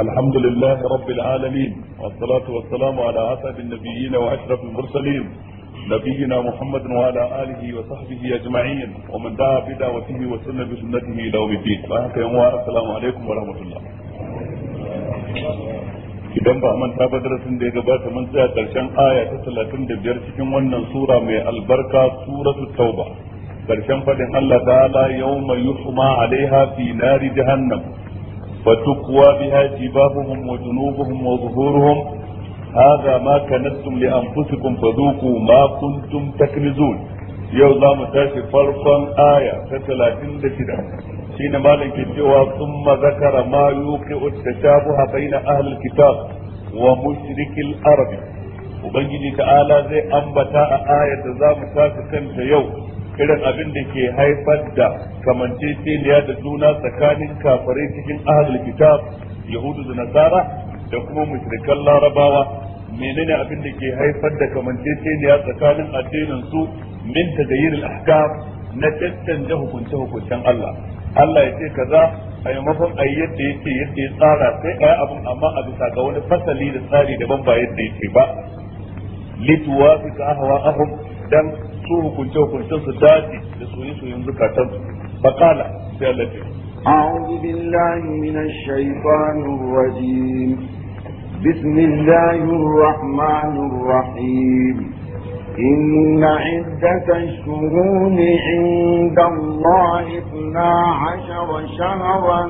الحمد لله رب العالمين والصلاة والسلام على أسعد النبيين وأشرف المرسلين نبينا محمد وعلى آله وصحبه أجمعين ومن دعا بدعوته وسن بسنته إلى يوم الدين السلام عليكم ورحمة الله idan ba manta ba darasin da ya gabata mun tsaya karshen aya ta talatin da biyar cikin wannan sura mai albarka suratu tauba karshen fadin Allah ta'ala yawma yuhma alaiha fi nari jahannam فتكوى بها جباههم وجنوبهم وظهورهم هذا ما كنتم لأنفسكم فذوقوا ما كنتم تكنزون yau za mu tashi farkon aya ta talatin da shida shi ne malin ke cewa sun mazakara ma yuki utashabuha baina ahlul kitab wa mushrikil arabi ubangiji ta'ala zai ambata a ayar da za mu tashi kanta yau irin abin da ke haifar da kamanceceniya da juna tsakanin kafarin cikin ahlul kitab yahudu da nasara da kuma mushrikan larabawa menene abin da ke haifar da kamanceceniya tsakanin addinin su min tagayyir al-ahkam na tantance hukunce hukuncen Allah Allah ya ce kaza a maimakon a yi yadda ya ce yadda ya tsara sai a yi abin amma a bisa ga wani fasali da tsari daban ba yadda ya ce ba lituwa su ka ahwa ahum dan su hukunce hukuncen su dace da soyi soyin zukatan fakala sai Allah ce أعوذ بالله من الشيطان الرجيم بسم الله الرحمن الرحيم إن عدة الشهور عند الله اثنا عشر شهرا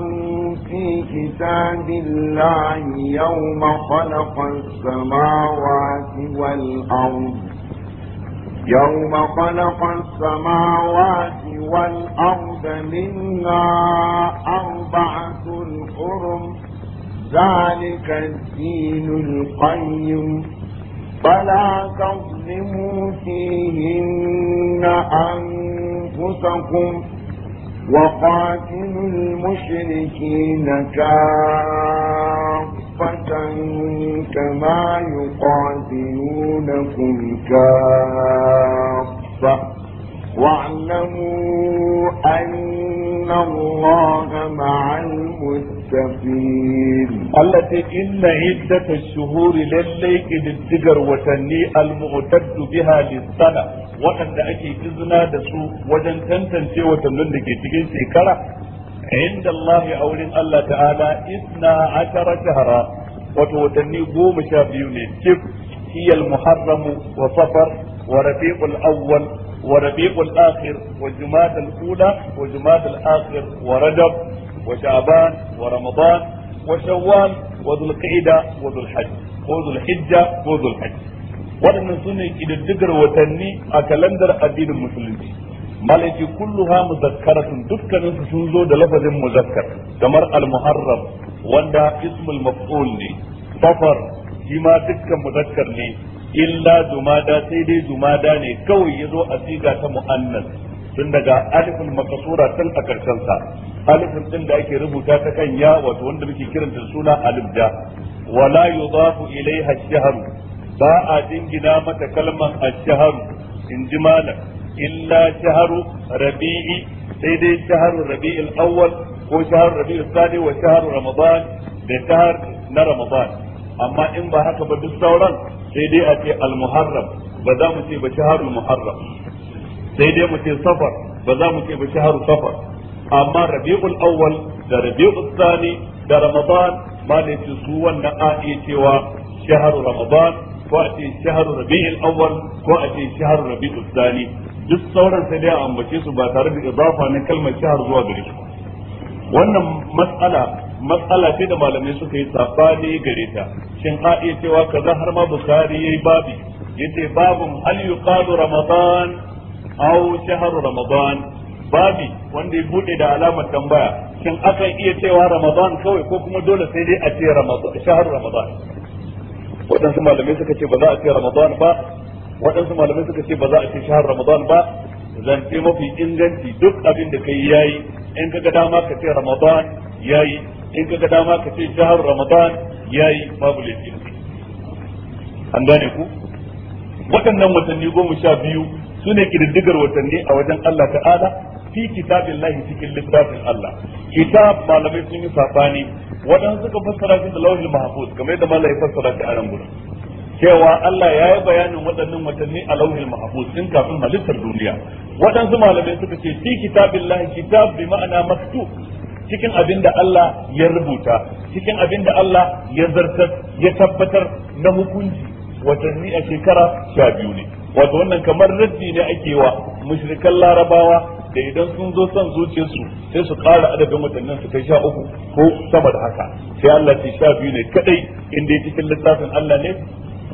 في كتاب الله يوم خلق السماوات والأرض يوم خلق السماوات والأرض منها أربعة حرم ذلك الدين القيم فلا تظلموا فيهن أنفسكم وقاتلوا المشركين كافة كما يقاتلونكم كافة واعلموا أن الله مع المتقين التي إن عدة الشهور لليك للدقر وتني المعتد بها للسنة وأن أكي إذنا دسو وجن تنتن سوى تنلك تجين سيكرة عند الله أولين الله تعالى إثنى عشر شهرا وتوتني قوم شابيوني كيف هي المحرم وصفر ورفيق الأول وربيع الآخر وجماد الأولى وجماد الآخر ورجب وشعبان ورمضان وشوال وذو القعدة وذو الحج وذو الحجة وذو الحج waɗannan su ne ƙididdigar watanni a kalandar addinin musulunci malaki kulluha muzakkaratun dukkanin su sun zo da lafazin muzakkar kamar al-muharram wanda ismul maf'ul ne safar dukkan muzakkar ne illa jumada sai dai jumada ne kawai ya zo a siga ta mu'annas tun daga alifin makasura tun a karshensa alifin din da ake rubuta ta kan ya wato wanda muke kiranta suna alif da wala yudafu ilaiha ash-shahr ba a dingina mata kalmar ash-shahr in ji malam illa shahru rabi'i sai dai shahru rabi'il awwal ko shahru rabi'il thani wa shahru ramadan da shahar na ramadan amma in ba haka ba duk sauran sai dai a ce al-muharram ba za mu ce ba shaharul muharram sai dai mu ce safar ba za mu ce ba shaharul safar amma rabi'ul awwal da rabi'ul thani da ramadan ma da ce su wannan a iya cewa shaharul ramadan ko a ce shaharul rabi'ul awwal ko a ce shaharul rabi'ul thani duk sauran sai dai a ambace su ba tare da idafa na kalmar shahar zuwa gare shi wannan matsala matsala ce da malamai suka yi sabani gare ta shin a iya cewa kaza har ma bukari yayi babi yace babun hal yuqalu ramadan aw shahru ramadan babi wanda ya bude da alamar tambaya shin akan iya cewa ramadan kawai ko kuma dole sai dai a ce ramadan shahru ramadan waɗansu malamai suka ce ba za a ce ramadan ba waɗansu malamai suka ce ba za a ce shahar ramadan ba zan zance mafi inganci duk abin da kai yayi in ga dama ka ce ramadan yayi in ga dama ka ce shahar ramadan yayi babu laifi an gane ku waɗannan watanni goma sha biyu su ne kididdigar watanni a wajen Allah ta'ala fi kitabin lahi cikin littafin Allah kitab malamai sun yi sabani waɗansu ka fassara shi da lauhin mahfuz kamar yadda malai fassara shi a nan gurin cewa Allah ya yi bayanin waɗannan watanni a lauhin mahfuz din kafin halittar duniya waɗansu malamai suka ce fi kitabillahi kitab bi ma'ana maktub cikin abin da Allah ya rubuta cikin abin da Allah ya zartar ya tabbatar na hukunci watanni a shekara sha biyu ne wato wannan kamar raddi ne ake wa mushrikan larabawa da idan sun zo son zuciyarsu sai su ƙara adadin watannin su kai sha uku ko sama da haka sai Allah ce sha biyu ne kadai inda cikin littafin Allah ne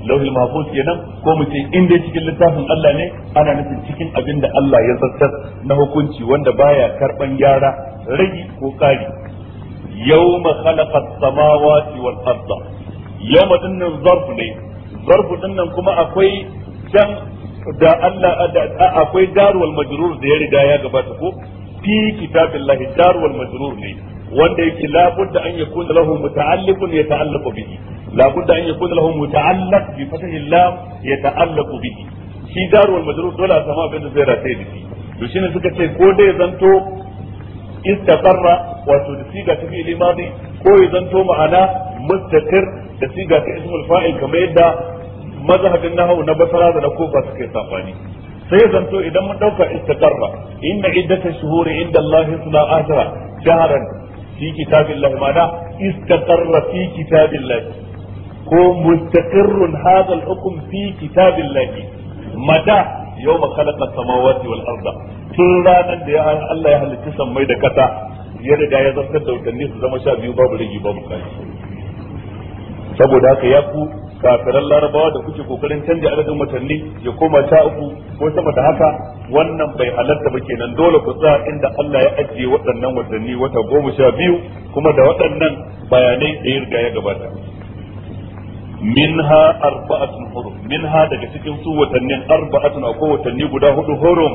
lauhul mahfuz kenan ko mu ce in dai cikin littafin Allah ne ana nufin cikin abin da Allah ya zartar na hukunci wanda baya karban gyara ragi ko kari yawma khalaqat samawati wal arda yawma dinnan zarfu ne zarfu dinnan kuma akwai dan da Allah da akwai darul majrur da ya riga ya gabata ko fi kitabillahi darul majrur ne wanda yake labudda an yakuna lahu muta'alliqun yata'allaqu bihi labudda an yakuna lahu muta'allaq bi fathihi lam yata'allaqu bihi shi darul majrur dole a sama abin da zai rataye da shi to shine suka ce ko dai zanto istaqarra wato da siga ta fi'il madi ko zanto ma'ana mustaqir da siga ta ismul fa'il kamar yadda mazhabin nahwu na basara da na kofa suke safani sai zanto idan mun dauka istaqarra inna iddatash shuhuri inda Allah 12 shahran fi kitabillah ma'ana istaqarra fi kitabillah ko mustaqirrun hadha al-hukm fi kitabillah mata yawma khalaqa samawati wal arda tun ranar da Allah ya halitta sammai da kasa ya da ya zartar da watanni su zama sha biyu babu rigi babu kai saboda haka ya ku kafiran larabawa da kuke kokarin canja adadin watanni ya koma sha uku ko sama da haka wannan bai halarta ba kenan dole ku tsaya inda Allah ya ajiye waɗannan watanni wata goma sha biyu kuma da waɗannan bayanai da ya riga ya gabata minha arba'atun hurum minha daga cikin su watannin arba'atun akwai watanni guda hudu hurum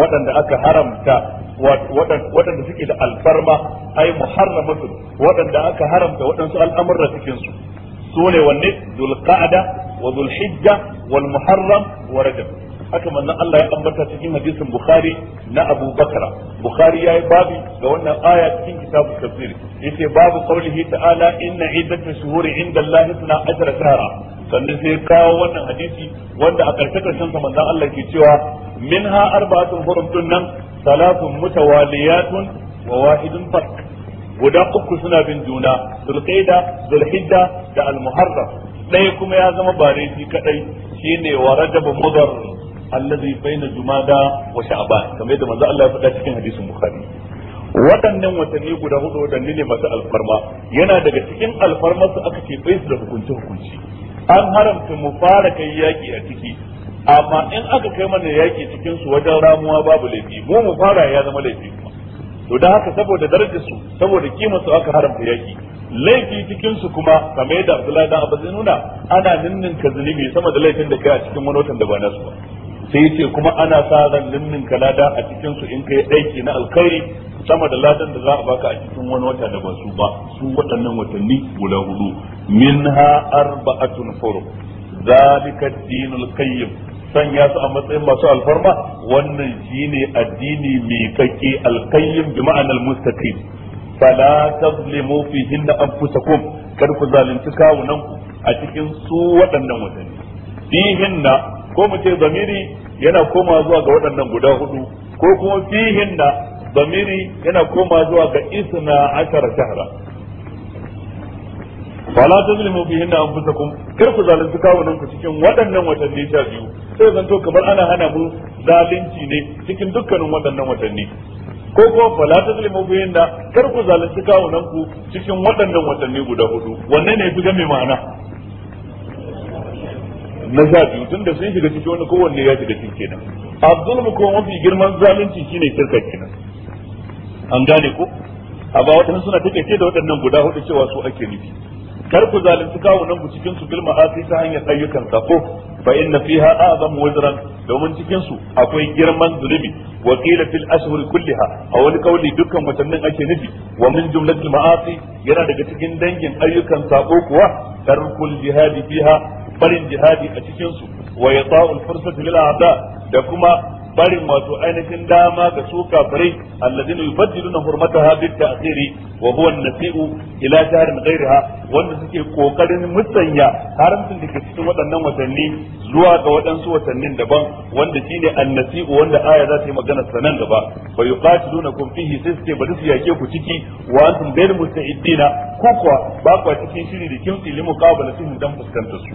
waɗanda aka haramta waɗanda suke da alfarma ai muharramatun waɗanda aka haramta waɗansu al'amuran cikin su sune wanne zulqa'da wa zulhijja wal muharram wa rajab haka manzon Allah ya ambata cikin hadisin Bukhari na Abu Bakra Bukhari yayi babu ga wannan aya cikin kitabu tafsir yace babu qaulihi ta'ala inna iddatu shuhuri inda Allah 12 shahra sannan sai kawo wannan hadisi wanda a karshe karshen sa manzon Allah ke cewa minha arba'atun hurum nan salatun mutawaliyatun wa wahidun fark guda uku suna bin juna zulqaida zulhijja da almuharram ɗaya kuma ya zama bare shi kadai shine wa rajab mudar allazi baina jumada wa sha'ban kamar yadda manzo Allah ya faɗa cikin hadisin bukhari waɗannan watanni guda hudu watanni ne masu alfarma yana daga cikin alfarma su aka ce bai su da hukunci hukunci an haramta mu fara kai yaki a ciki amma in aka kai mana yaki cikin su wajen ramuwa babu laifi mu mu fara ya zama laifi kuma to da haka saboda darajarsu saboda kimarsu aka haramta yaki laifi cikin su kuma kamar yadda Abdullahi dan Abbas nuna ana ninnin ka zunubi sama da laifin da kai a cikin wani da ba nasu ba sai yace kuma ana sa ran ninnin ka lada a cikin su in kai aiki na alkhairi sama da ladan da za a baka a cikin wani wata da ba su ba su waɗannan watanni guda hudu minha arba'atun furu zalika dinul qayyim sanya su a matsayin masu alfarma wannan shine addini mai kake alqayyim bi ma'anal mustaqim fala tazlimu fihin anfusakum Kada ku zalunci kawunan ku a cikin su waɗannan watanni fihinna ko mu ce zamiri yana koma zuwa ga waɗannan guda hudu ko kuma fihinna zamiri yana koma zuwa ga isna ashara shahra fala bi hinna anfusakum kar ku zalunci kawunan ku cikin waɗannan watanni sha biyu sai zanto kamar ana hana mu zalunci ne cikin dukkanin waɗannan watanni ko ko fala bi hinna kar ku zalunci kawunan ku cikin waɗannan watanni guda hudu wannan ne fi ga mai ma'ana na sha biyu tun da sun shiga ciki wani kowanne ya shiga cikin kenan abdulmu ko mafi girman zalunci shine shirka kenan an gane ko a ba waɗannan suna take ce da waɗannan guda hudu cewa su ake nufi kar ku zalunci kawunan ku cikin su bil ma'asi ta hanyar ayyukan sako fa inna fiha a'zamu wizran domin cikin su akwai girman zulubi wa qila fil ashhur kulliha a wani kauli dukkan watannin ake nufi wa min jumlatil ma'asi yana daga cikin dangin ayyukan sako kuwa tarkul jihadi fiha barin jihadi a cikin su wa yata'ul fursatu lil a'da da kuma barin wato ainihin dama ga su kafirai alladin yubaddiluna hurmataha bit ta'khiri wa huwa an-nasi'u ila shahrin ghayriha wanda suke kokarin musanya haramcin da ke cikin waɗannan watanni zuwa ga waɗansu watannin daban wanda shine an-nasi'u wanda aya za ta yi magana sanan gaba fa yuqatilunakum fihi sai suke bari su yake ku ciki wa antum ghayr musta'iddina ko kuwa ba ku cikin shiri da kimtsi limuqabalatihim dan fuskantar su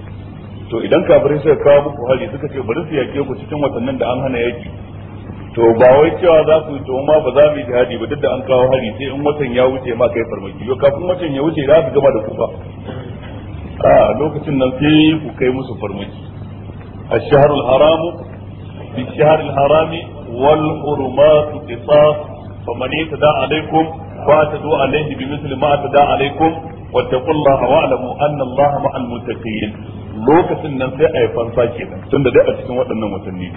to idan kafirai suka kawo muku hari suka ce bari su yake ku cikin watannin da an hana yaki to ba wai cewa za ku yi to ma ba za mu yi jihadi ba duk da an kawo hari sai in watan ya wuce ma kai farmaki yo kafin watan ya wuce za ku gama da ku ba a lokacin nan sai ku kai musu farmaki wal الشهر الحرام بالشهر الحرام والحرمات قصاص فمن اعتدى عليكم فاعتدوا عليه بمثل ما اعتدى عليكم واتقوا الله واعلموا ان الله مع المتقين lokacin nan sai a yi fansa tun da dai a cikin waɗannan watanni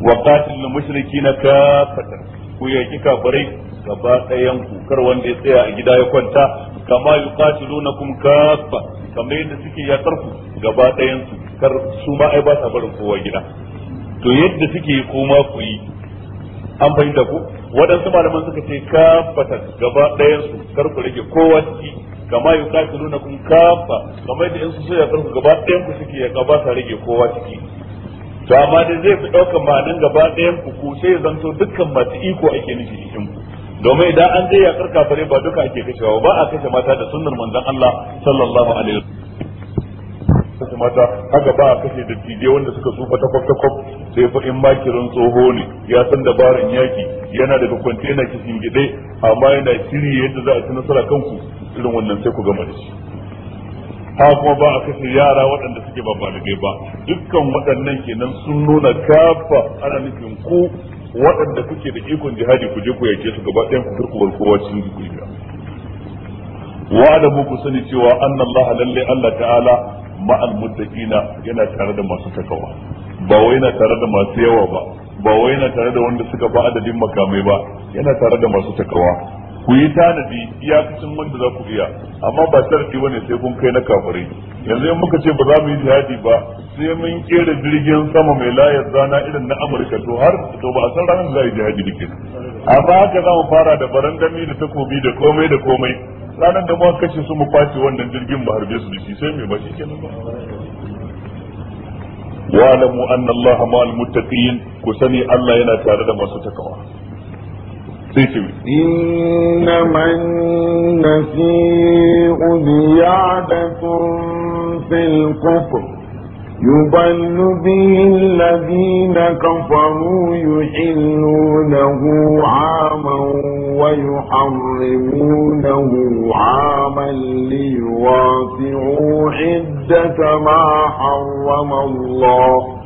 wa qatilul na kafatan ku yaki kafirai gaba ɗayan ku kar wanda ya tsaya a gida ya kwanta kama yuqatilunakum kafa, kamar yadda suke ya tarku gaba ɗayan su kar su ma ai ba sa barin kowa gida to yadda suke kuma ku yi an fahimta ku waɗansu malaman suka ce kafata gaba ɗayan su kar ku rage kowa ciki kama yi katilu nuna kun kafa yadda da yansu soya karku gaba ɗayan ku suke ya gaba sa rage kowa ciki to amma da zai fi ɗaukar ma'anin gaba ɗayan ku ku sai so dukkan masu iko ake nufi cikin ku domin idan an zai yakar kafare ba duka ake kashewa ba a kashe mata da sunnar manzon Allah sallallahu alaihi wasallam kashe mata haka ba a kashe dattijai wanda suka tsufa takwaf takwaf sai fa in makirin tsoho ne ya san dabaran yaki yana daga kwantena kishin gide amma yana shiri yadda za a ci nasara kanku irin wannan sai ku gama da shi ha kuma ba a kashe yara waɗanda suke ba ba dukkan waɗannan kenan sun nuna kafa ana nufin ku waɗanda kuke da ikon jihadi ku je ku yake su gaba ɗayan ku turku barkowa cikin zuciya wa da mu ku sani cewa annallah lalle Allah ta'ala ma'al muttaqina yana tare da masu takawa ba wai yana tare da masu yawa ba ba wai yana tare da wanda suka ba adadin makamai ba yana tare da masu takawa ku yi tanadi iyakacin wanda za ku iya amma ba sarki bane sai kun kai na kafirai yanzu in muka ce ba za mu yi jihadi ba sai mun kera jirgin sama mai layar zana irin na Amurka to har to ba a san ranar za a yi jihadi dikin amma haka za mu fara da barandami da takobi da komai da komai ranar da muka kashe su mu kwace wannan jirgin ba harbe su da sai mai bashi kenan wa'lamu anna allaha ma'al muttaqin ku sani Allah yana tare da masu takawa إنما النسيء زيادة في الكفر يضل به الذين كفروا يحلونه عاما ويحرمونه عاما ليواسعوا عدة ما حرم الله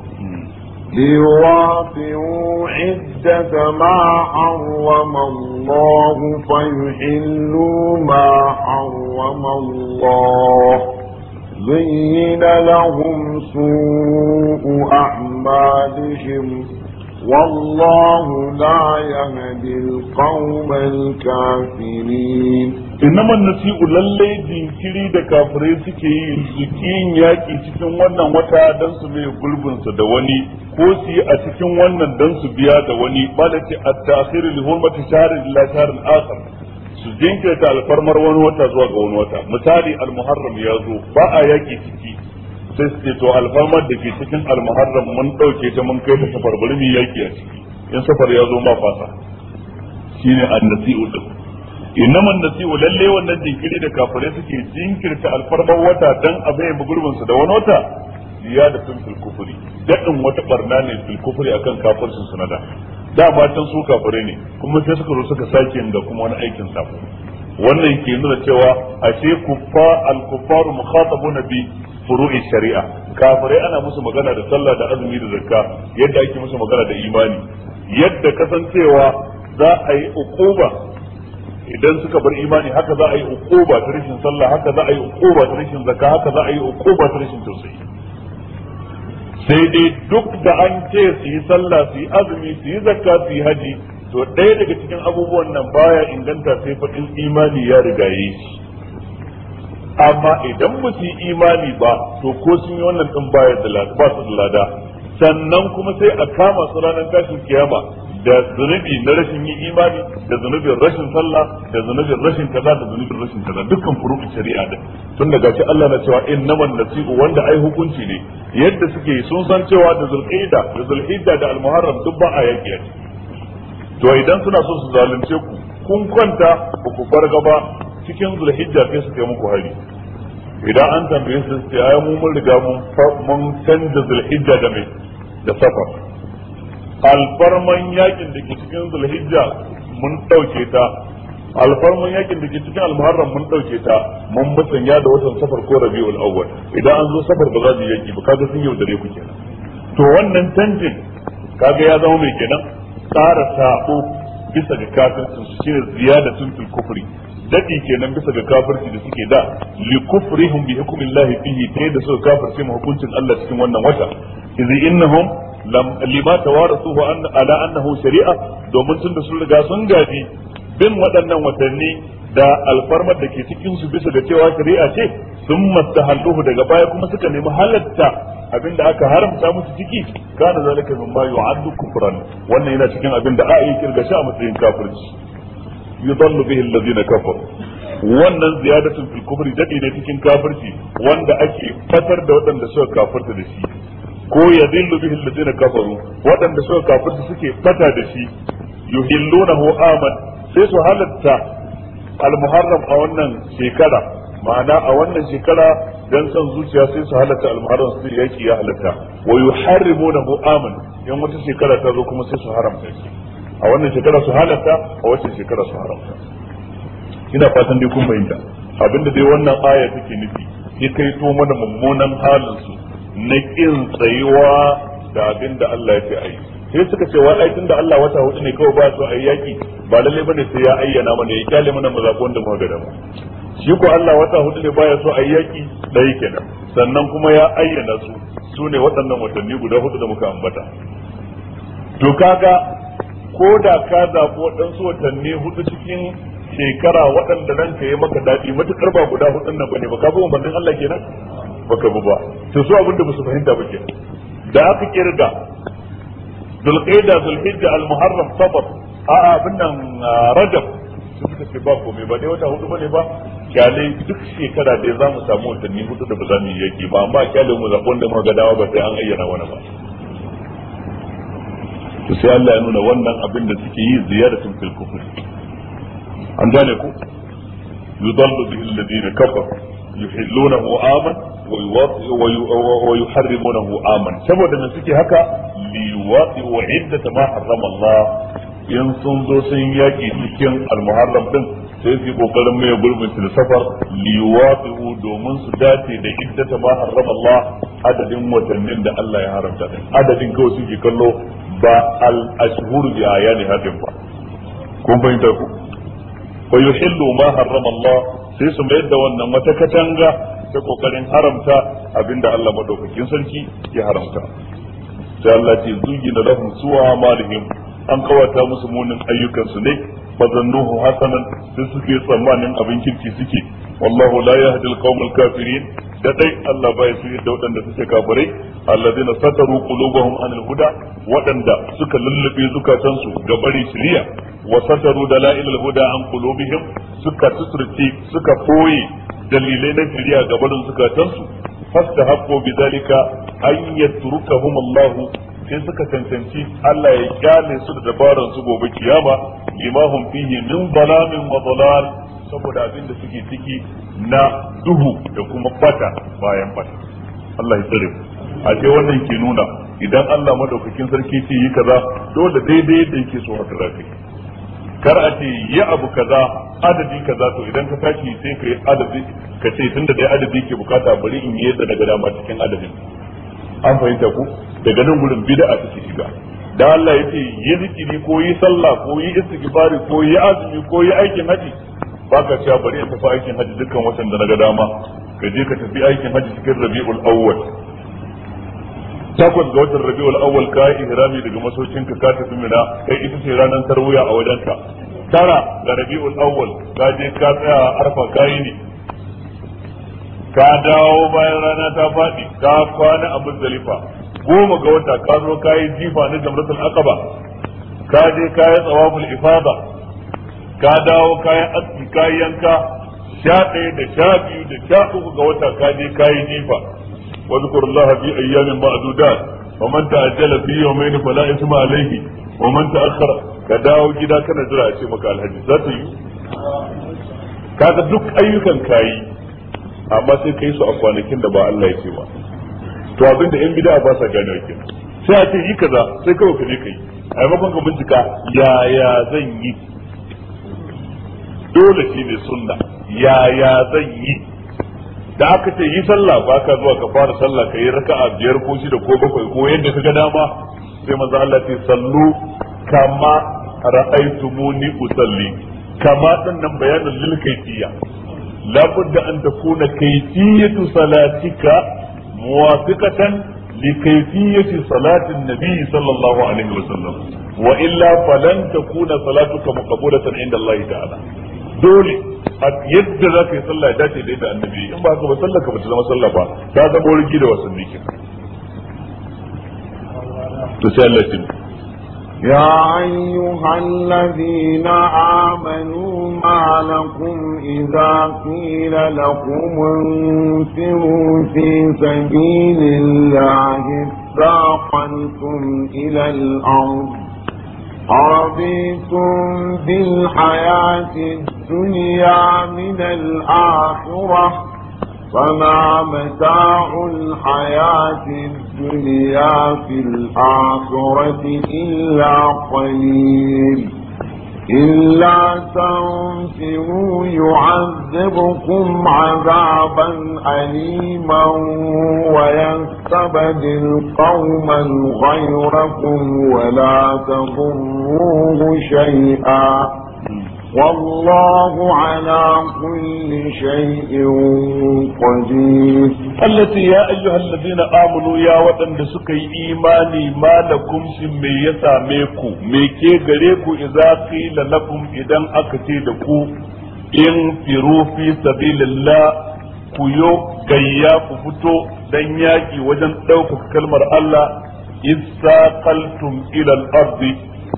ليواطئوا عدة ما حرم الله فيحلوا ما حرم الله زين لهم سوء أعمالهم والله لا يهدي القوم الكافرين انما النسيء للي جنكري دا كافرين سكي سكين ياكي سكين وانا وطا دنس بي قلبن سدواني كوسي أسكين وانا دنس بيا دواني بالك التأخير اللي هو شهر إلى شهر الآخر سجين jinkirta alfarmar wani wata zuwa ga wani wata misali باقا ياكي zo sai su ce to alfarmar da ke cikin almuharram mun ɗauke ta mun kai ta safar bari mu yaki a ciki in safar ya zo ma fasa shine annasi'u din man nasi'u lalle wannan jinkiri da kafare suke jinkirta alfarmar wata dan abai mu su da wani wata da sun fil kufuri dadin wata barna ne fil kufuri akan kafirsu sanada. dama can su kafare ne kuma sai suka zo suka sake da kuma wani aikin safu wannan ke nuna cewa ashe kuffa al-kuffaru mukhatabuna bi furu'i shari'a kafirai ana musu magana da sallah da azumi da zakka yadda ake musu magana da imani yadda kasancewa za a yi ukuba idan suka bar imani haka za a yi ukuba ta rashin sallah haka za a yi ukuba ta rashin zakka haka za a yi ukuba ta rashin tausayi sai dai duk da an ce su yi sallah su yi azumi su yi zakka su yi haji to ɗaya daga cikin abubuwan nan baya inganta sai faɗin imani ya riga yi amma idan ba su yi imani ba to ko sun yi wannan din ba su da lada sannan kuma sai a kama su ranar tashin kiyama da zunubi na rashin yin imani da zunubin rashin sallah da zunubin rashin kaza da zunubin rashin kaza dukkan furu'in shari'a din tun daga gashi Allah na cewa man nasi'u wanda ai hukunci ne yadda suke sun san cewa da zulqa'ida da zulhijja da almuharram duk ba a to idan suna so su zalunce ku kun kwanta ku bar gaba. cikin zulhijja sai su kai muku hari idan an tambaye su sai ai mu mun riga mun mun canza zulhijja da mai da safar alfarman yakin da ke cikin zulhijja mun dauke ta alfarman yakin da ke cikin almuharram mun dauke ta mun musanya da watan safar ko rabiul awwal idan an zo safar ba za su yaki ba kaga sun yi yaudare ku kenan to wannan canjin kaga ya zama mai kenan tsara sabo bisa ga kafin su shine ziyadatun kufri dadi kenan bisa ga kafirci da suke da li kufrihim bi hukmillahi fihi da suka kafirce mu hukuncin Allah cikin wannan wata idza innahum lima tawarasuhu an ala annahu shari'a domin tunda sun riga sun gaji bin waɗannan watanni da alfarmar da ke cikin su bisa da cewa shari'a ce sun mastahalluhu daga baya kuma suka nemi halatta abinda aka haramta musu ciki kana zalika min ma yu'addu kufran wannan yana cikin abinda ayi kirga sha matsayin kafirci yudallu bihi alladhina kafaru wannan ziyadatul fil kufri dadi ne cikin kafirci wanda ake fatar da waɗanda suka kafirta da shi ko yadillu bihi alladhina kafaru waɗanda suka kafirta suke fata da shi yuhillunahu aman sai su halatta almuharram a wannan shekara ma'ana a wannan shekara dan san zuciya sai su halatta almuharram muharram su yaki ya halatta wa yuharrimunahu aman yan wata shekara ta zo kuma sai su haramta shi a wannan shekara su halatta a wacce shekara su haramta ina fatan dai kun bayyana abinda dai wannan aya take nufi ya kai to mana mummunan halin su na kin tsayuwa da abinda Allah ya ce ayi sai suka ce wai da Allah wata hudu ne kawai ba su ayi yaki ba lalle bane sai ya ayyana mana ya kyale mana mazakon da muka ga mu shi ko Allah wata hudu ne baya so ayi yaki dai kenan sannan kuma ya ayyana su su ne waɗannan watanni guda hudu da muka ambata to kaga ko da ka zaɓi waɗansu watanni hudu cikin shekara waɗanda nan ka yi maka daɗi matuƙar ba guda hudun nan bane ba ka bi umarnin Allah kenan baka bi ba to su abinda ba su fahimta ba kenan da aka kirga dulqaida zulhijja almuharram safar a abin nan ah, rajab sun fi ce ba komai ba dai wata hudu bane ba kyale duk shekara dai za mu samu watanni hudu da ba za mu yi yaki ba amma kyale mu zaɓon da muka ga dawa ba sai an ayyana wani ba to sai Allah ya nuna wannan abin da suke yi ziyaratun fil kufr an gane ku yudallu bihi alladhina kafaru yuhillunahu aman wa yuharrimunahu aman saboda me suke haka liwaqi wa iddata ma harrama Allah in sun zo sun yaki cikin al-muharram din sai su yi kokarin mai gurbin su da domin su dace da iddata ma harrama Allah adadin watannin da Allah ya haramta adadin kawai suke kallo ba al-ashhur bi ayani hadin ba kun fahimta ku fa yuhillu ma harrama Allah sai su mayar da wannan wata katanga ta kokarin haramta abinda Allah madaukakin sarki ya haramta sai Allah ce zuyina lahum su'a malihim an kawata musu munin ayyukansu ne fazannuhu hasanan sai suke tsammanin abin kirki suke wallahu la yahdi al kafirin da dai Allah baya su da waɗanda suke kafirai alladheena sataru qulubuhum anil huda waɗanda suka lullube zukatansu ga bari shiriya wa sataru dalailal huda an qulubihim suka suturce suka koye dalilai na shiriya ga barin zukatansu fastahabbu bidhalika an yatrukahum Allahu sai suka cancanci Allah ya kyale su da dabaran su gobe kiyama imahum fihi min balamin wa dalal saboda abin da suke ciki na duhu da kuma bata bayan bata Allah ya tsare a ce wannan ke nuna idan Allah madaukakin sarki ce yi kaza dole daidai da yake so a za kar a ce yi abu kaza adadi kaza to idan ka tashi sai ka yi adadi ka ce tunda dai adadi ke bukata bari in yi yadda na dama cikin adadin an fahimta ku daga nan gurin bid'a take shiga da Allah ya ce yi zikiri ko yi sallah ko yi istighfari ko yi azumi ko yi aikin haji ba ka cewa bari in tafi aikin haji dukkan watan da na ga dama ka je ka tafi aikin haji cikin rabi'ul awwal takwas ga watan rabi'ul awwal ka ihrami daga masocin ka ka tafi mina kai ita ce ranar tarwiya a wajenka tara ga rabi'ul awwal ka je ka tsaya a arfa kayi ne ka dawo bayan rana ta faɗi ka kwana a muzdalifa goma ga wata ka zo ka yi jifa na jamratul aqaba ka je ka yi tsawaful ifada ka dawo ka yi aski ka yi yanka sha ɗaya da sha biyu da sha uku ga wata ka je ka yi jifa wa zikrullaha fi ayyamin ma'dudat wa man ta'ajjala fi yawmayn fala isma alayhi wa man ta'akhkhara ka dawo gida kana jira a ce maka alhaji za ta yi Ka ga duk ayyukan kayi amma sai kai su a kwanakin da ba Allah yake ba to abin da yan bid'a ba sa gane yake sai a ce yi kaza sai kawai ka je kai a maimakon ka bincika yaya zan yi dole shi ne sunna yaya zan yi da aka ce yi sallah ba ka zuwa ka fara sallah ka yi raka'a biyar ko shida ko bakwai ko yadda ka ga dama sai manzo Allah ce sallu kama ra'aytumuni usalli kama dinnan bayanin lilkaifiya labudda an takuna kayfiyatu salatika muwafiqatan لكيفية صلاة النبي صلى الله عليه وسلم وإلا فلن تكون صلاتك مقبولة عند الله تعالى dole yadda za ka yi sallah ya dace da yadda annabi in ba ka ba ka bata zama sallah ba ta zama wurin wasanni يا أيها الذين آمنوا ما لكم إذا قيل لكم انفروا في سبيل الله اتاقلتم إلى الأرض أرضيتم بالحياة الدنيا من الآخرة فما متاع الحياة الدنيا في الآخرة إلا قليل إلا تنفروا يعذبكم عذابا أليما ويستبدل قوما غيركم ولا تضروه شيئا والله على كل شيء قدير التي يا أيها الذين آمنوا يا وطن سكي إيماني ما لكم سميتا ميكو ميكي غريكو إذا قيل لكم إذا أكتيدكو انفروا في سبيل الله كيو gayya ku fito dan yaƙi wajen ɗaukaka kalmar Allah isa kaltum ilal ardi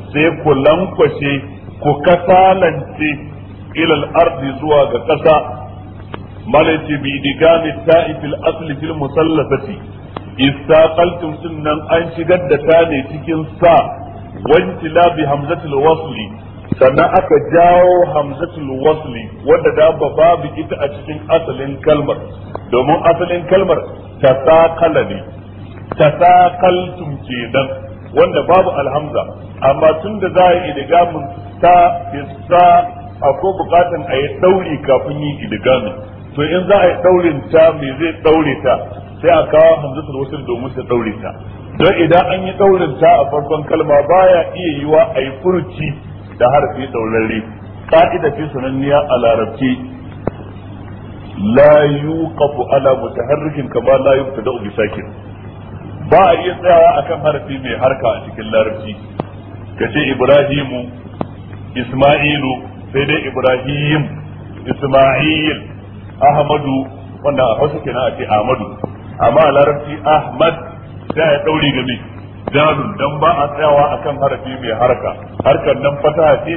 sai ku lankwashe ku kasalance ilal ardi zuwa ga ƙasa malaiti bi digami ta'ifil asli fil musallasati istaqaltum sunnan an shigar da ta ne cikin sa wantila bi hamzatil wasli sannan aka jawo hamzatul wasli wadda da babu ita a cikin asalin kalmar domin asalin kalmar ta ne ta sakaltum kenan wanda babu alhamza amma tun da za a yi idigamin ta a akwai bukatan a yi ɗauri kafin yi idigamin to in za a yi ɗaurin ta mai zai ɗaure ta sai a kawo hamzatul wasu domin ta ɗaure ta don idan an yi ɗaurin ta a farkon kalma baya iya yiwa a yi furuci da harfi daurarre ka'ida fi sananniya a larabci la yuqafu ala mutaharrikin kama la yubtada'u bi sakin ba a iya tsayawa kan harafi mai harka a cikin larabci ka ce ibrahimu isma'ilu sai dai ibrahim isma'il ahmadu wannan a hausa kenan a ce ahmadu amma a larabci ahmad sai ya daure da mai dan ba a tsayawa akan harafi mai harka harkar nan fataha ce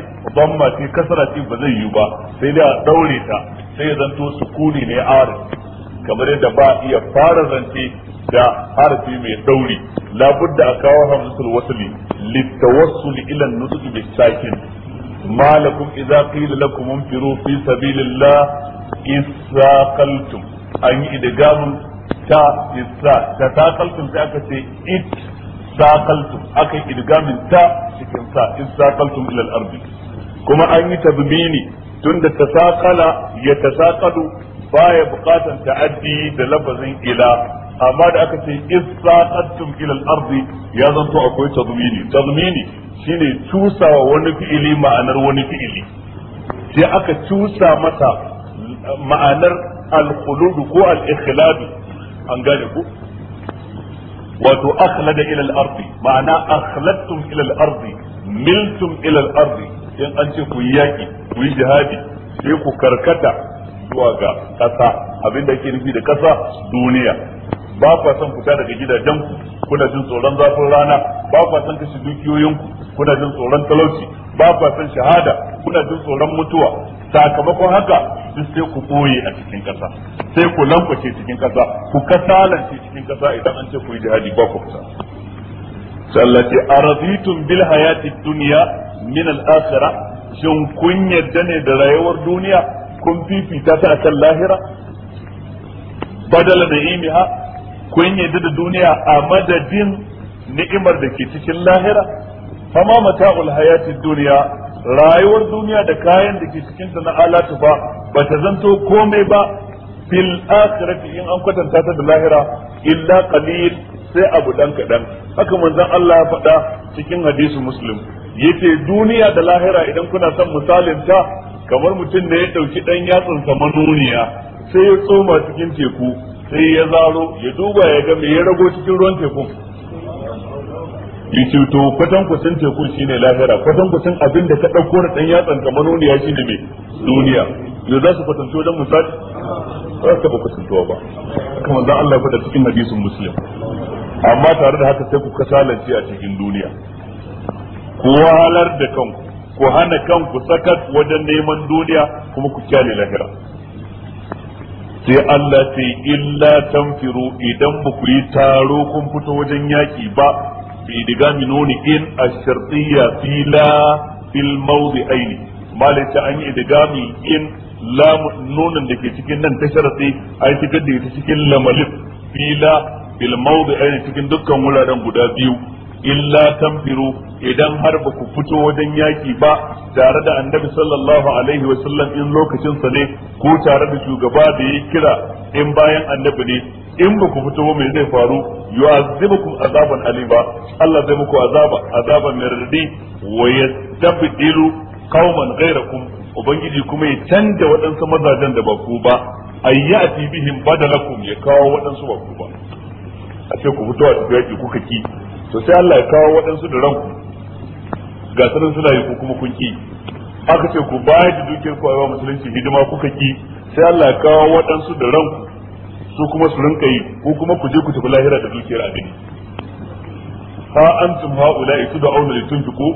ma ce kasara ba zai yi ba sai dai a daure ta sai ya zanto sukuni ne arin kamar yadda ba iya fara zance da harafi mai dauri labudda a kawo hamzatul wasli litawassul ila nutqi bisakin ma lakum idza qila lakum anfiru fi sabilillah isaqaltum an yi idgamun ta isa ta saqaltum sai aka ce it saqaltum aka yi idgamin ta cikin sa isaqaltum ila al-ardi kuma an yi tadmini tunda tasaqala ya tasaqadu baya bukatan ta'addi da lafazin ila amma da aka ce istaqattum ila al-ardi ya zanto akwai tazmini tazmini shine cusawa wani fi'ili ma'anar wani fi'ili sai aka cusa mata ma'anar al-khulud ko al-ikhlad an gane ku wato akhlada ila al-ardi ma'ana akhladtum ila al-ardi miltum ila al-ardi in an ce ku yaki ku jihadi sai ku karkata zuwa ga ƙasa abinda ke nufi da ƙasa duniya ba kwa son fita daga gidajen ku kuna jin tsoron zafin rana ba kwa son kashe dukiyoyin ku kuna jin tsoron talauci ba kwa son shahada kuna jin tsoron mutuwa sakamakon haka duk sai ku boye a cikin ƙasa sai ku lankwace cikin ƙasa ku kasalance cikin ƙasa idan an ce ku yi jihadi ba ku fita sallati araditum bil hayati dunya min al akhirah shin kun yadda ne da rayuwar duniya kun fifita ta kan lahira badala da imiha kun yadda da duniya a madadin ni'imar da ke cikin lahira fama mata'ul hayatid duniya rayuwar duniya da kayan da ke cikin ta na alatu ba ba ta zanto komai ba fil akhirati in an kwatanta ta da lahira illa qalil sai abu dan kadan haka manzon Allah ya faɗa cikin hadisi muslim yace duniya da lahira idan kuna son misalin ta kamar mutum da ya dauki dan yatsun sa manuniya sai ya tsoma cikin teku sai ya zaro ya duba ya ga me ya rago cikin ruwan tekun yace to kwatan kusin teku shine lahira kwatan kusin abin da ka dauko da dan yatsan sa manuniya shine me duniya yau za su kwatanci wajen misali ba su taba kwatantuwa ba kamar da Allah ya faɗa cikin hadisin muslim amma tare da haka sai ku kasalanci a cikin duniya ku wahalar da kanku ku hana kanku sakat wajen neman duniya kuma ku kyale lahira sai Allah ce illa tanfiru idan ba ku yi taro kun fito wajen yaki ba bi diga minuni in ash fila fil aini. malai ta an yi diga in nunan da ke cikin nan ta sharati ai cikin da cikin lamalif fila bil aini cikin dukkan wuraren guda biyu illa tanfiru idan har ba ku fito wajen yaki ba tare da annabi sallallahu alaihi wa sallam in lokacin sa ne ko tare da shugaba da ya kira in bayan annabi ne in ba ku fito ba me zai faru yu'azzibukum azaban aliba Allah zai muku azaba azaban mirdi wa yastabdilu qauman ghayrakum ubangiji kuma ya canja waɗansu mazajen da ba ku ba ayyati bihim badalakum ya kawo waɗansu ba ku ba a ce ku fito a tafiya kuka ki to sai Allah ya kawo waɗansu da ranku ga sanin suna yi ko kuma kun ki aka ce ku bayar da dukiyar ku a musulunci hidima kuka ki sai Allah ya kawo waɗansu da ranku su kuma su rinka yi ko kuma ku je ku tafi lahira da dukiyar abin ha antum haula'i tud'auna litunfiqu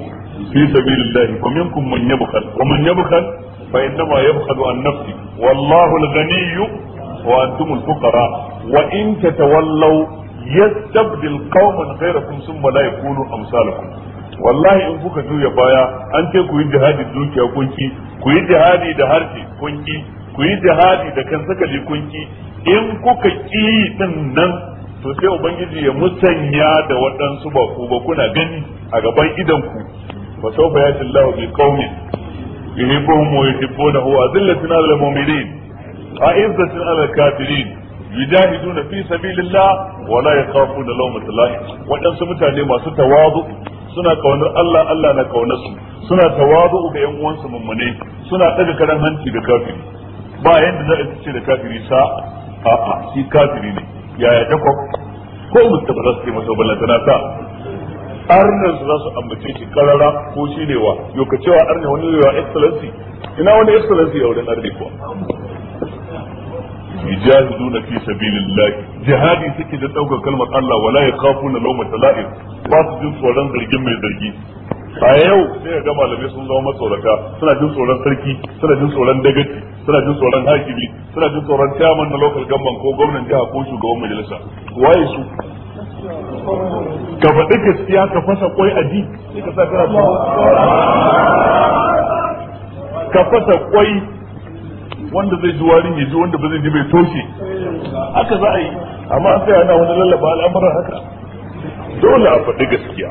fi sabilillahi fa minkum man yabkhal wa man yabkhal fa innama yabkhalu an nafsi wallahu al-ghaniyyu wa antum al-fuqara wa in tatawallaw yastabdil qauman ghayrakum thumma la yakunu amsalakum wallahi in kuka juya baya an ce ku yi jihadi dukiya kunki ku yi jihadi da harshe kunki ku yi jihadi da kan sakali kunki in kuka ki din nan to sai ubangiji ya musanya da waɗansu ba ku ba kuna gani a gaban idan ku fa sawfa yati Allahu bi qaumin yuhibbuhum wa yuhibbunahu azillatin 'alal mu'minin a'izzatin 'alal kafirin yujahiduna fi sabilillah wa la yakhafuna lawmata la'im waɗansu mutane masu tawazu suna kaunar Allah Allah na kaunar su suna tawazu ga yan uwansu mummune suna daga karan hanci ga kafiri ba yanda za a ce da kafiri sa a'a shi kafiri ne yaya takwaf ko mutum za su ce masa ballantana sa ta su za su ambace shi karara ko shi ne wa yau ka cewa arne wani yawa excellency ina wani excellency a wurin arne kuwa yujahiduna fi sabilillah jihadi suke da daukar kalmar Allah wala yakhafuna lawma tala'ib ba su jin tsoron zargin mai zargi a yau sai ga sun zama matsorata suna jin tsoron sarki suna jin tsoron dagaci suna jin tsoron hakimi suna jin tsoron chairman na local government ko gwamnan jiha ko shugaban majalisa waye su ka faɗi gaskiya ka fasa kwai a ji sai ka sa kana ka fasa kwai wanda zai ji warin ya ji wanda ba zai ji bai toshe haka za a yi amma an tsaya na wani lallaba al'amuran haka dole a faɗi gaskiya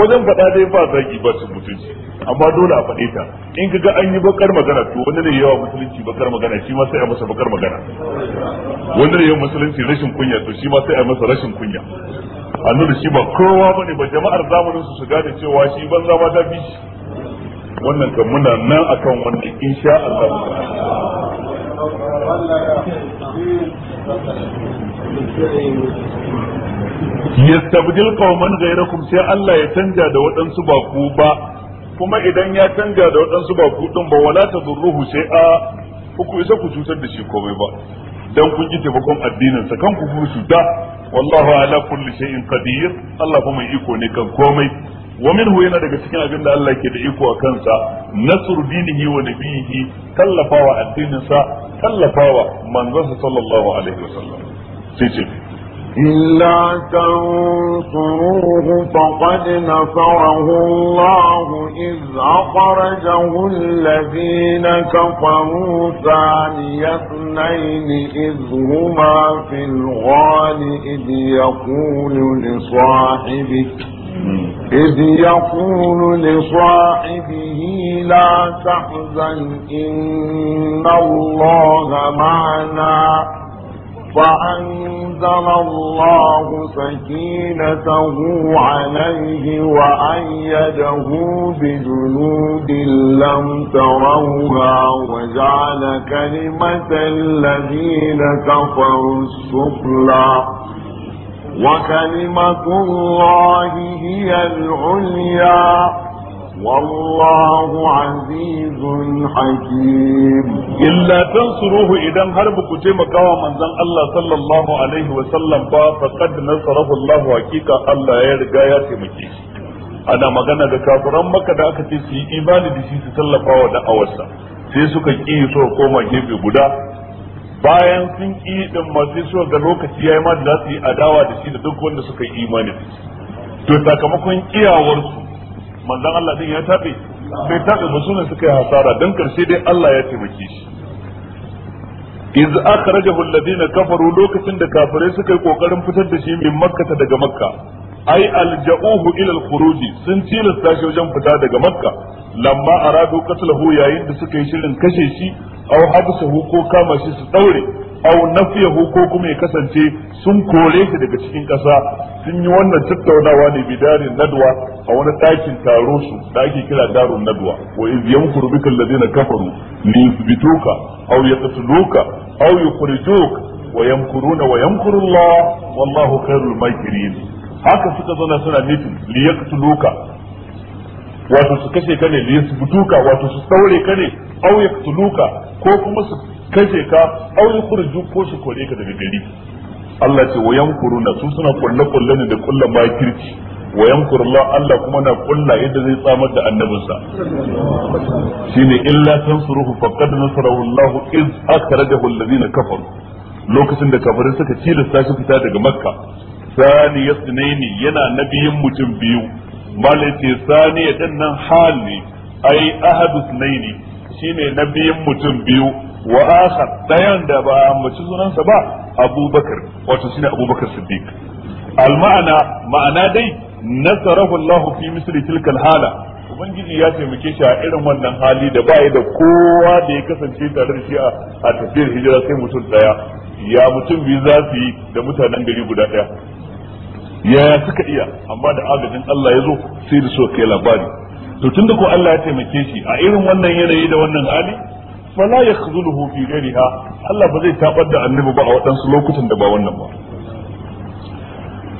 wajen faɗa dai ba zagi ba su mutunci amma dole a faɗe ta in ga an yi bakar magana to wani ne yawa musulunci bakar magana shi ma sai a masa bakar magana wani ne yawa musulunci rashin kunya to shi ma sai a masa rashin kunya annabi shi ba kowa bane ba jama'ar zamanin su shiga da cewa shi banza zama ta bi shi wannan kan muna nan akan wannan insha Allah yastabdil qauman ghayrakum sai Allah ya canja da waɗansu ba ku ba kuma idan ya canja da waɗansu ba ku din ba wala tadurruhu a ku isa ku cutar da shi komai ba dan kun ji taimakon addinin sa kan ku cuta wallahu ala kulli shay'in qadir Allah fa mai iko ne kan komai wa minhu yana daga cikin abin da Allah ke da iko a kansa nasru dinihi wa nabiyihi tallafawa addinin sa tallafawa manzon sallallahu alaihi wasallam sai ce إلا تنصروه فقد نصره الله إذ أخرجه الذين كفروا ثاني اثنين إذ هما في الغال إذ يقول لصاحبه إذ يقول لصاحبه لا تحزن إن الله معنا فأنزل الله سكينته عليه وأيده بجنود لم تروها وجعل كلمة الذين كفروا السفلى وكلمة الله هي العليا والله عزيز حكيم إلا تنصروه إذا هرب كتيم قوى من ذن الله صلى الله عليه وسلم فقد نصره الله حقيقة الله يرجى يتمكي ana magana da kafiran maka da aka ce su yi imani da shi su tallafa wa da'awarsa sai suka ƙi so koma gefe guda bayan sun ki din masu so ga lokaci yayi ma da za su yi adawa da shi da duk wanda suka yi imani to sakamakon kiyawar su manzon Allah din ya tabe bai tabe ba sunan suka yi hasara dan karshe dai Allah ya taimake shi iz akhrajahu alladhina kafaru lokacin da kafirai suka yi kokarin fitar da shi min makka daga makka ai alja'uhu ila alkhuruj sun tilasta shi wajen fita daga makka lamma aradu qatluhu yayin da suka yi shirin kashe shi aw habsahu ko kama shi su daure aw nafiyahu ko kuma ya kasance sun kore shi daga cikin kasa sun yi wannan tattaunawa ne bidarin nadwa a wani ɗakin taro su da ake kira darun nadwa wa iz yamkuru bika alladhina kafaru li yuthbituka aw yaqtuluka aw yukhrijuka wa yamkuruna wa yamkuru Allah wallahu khairul makirin haka suka zauna suna mitin li wato su kashe ka ne su butuka wato su saure ka ne au ya ko kuma su kashe ka au ya kurju ko su kore ka daga gari Allah ce wayan kuruna su suna kulle kulle ne da kullan makirci wayan kurla Allah kuma na kulla yadda zai tsamar da annabinsa shine illa tansuruhu faqad nasarahu Allah iz akhrajahu alladhina kafaru lokacin da kafirin suka tilasta shi fita daga makka sani yasnaini yana nabiyin mutum biyu malai Sani saniya din nan hali ai ahadu sunaini shine na biyun mutum biyu wa akhar dayan da ba mace sunansa ba abubakar wato shine abubakar siddiq al ma'ana ma'ana dai nasarahu Allah fi misli tilka al hala ubangiji ya taimake shi a irin wannan hali da bai da kowa da ya kasance tare da shi a tafiyar hijira sai mutum daya ya mutum biyu za su yi da mutanen gari guda daya yaya suka iya amma da agajin Allah ya zo sai da suka labari to tunda ko Allah ya taimake shi a irin wannan yanayi da wannan hali fala yakhzuluhu fi ghairiha Allah ba zai tabar da annabi ba a waɗansu lokutan da ba wannan ba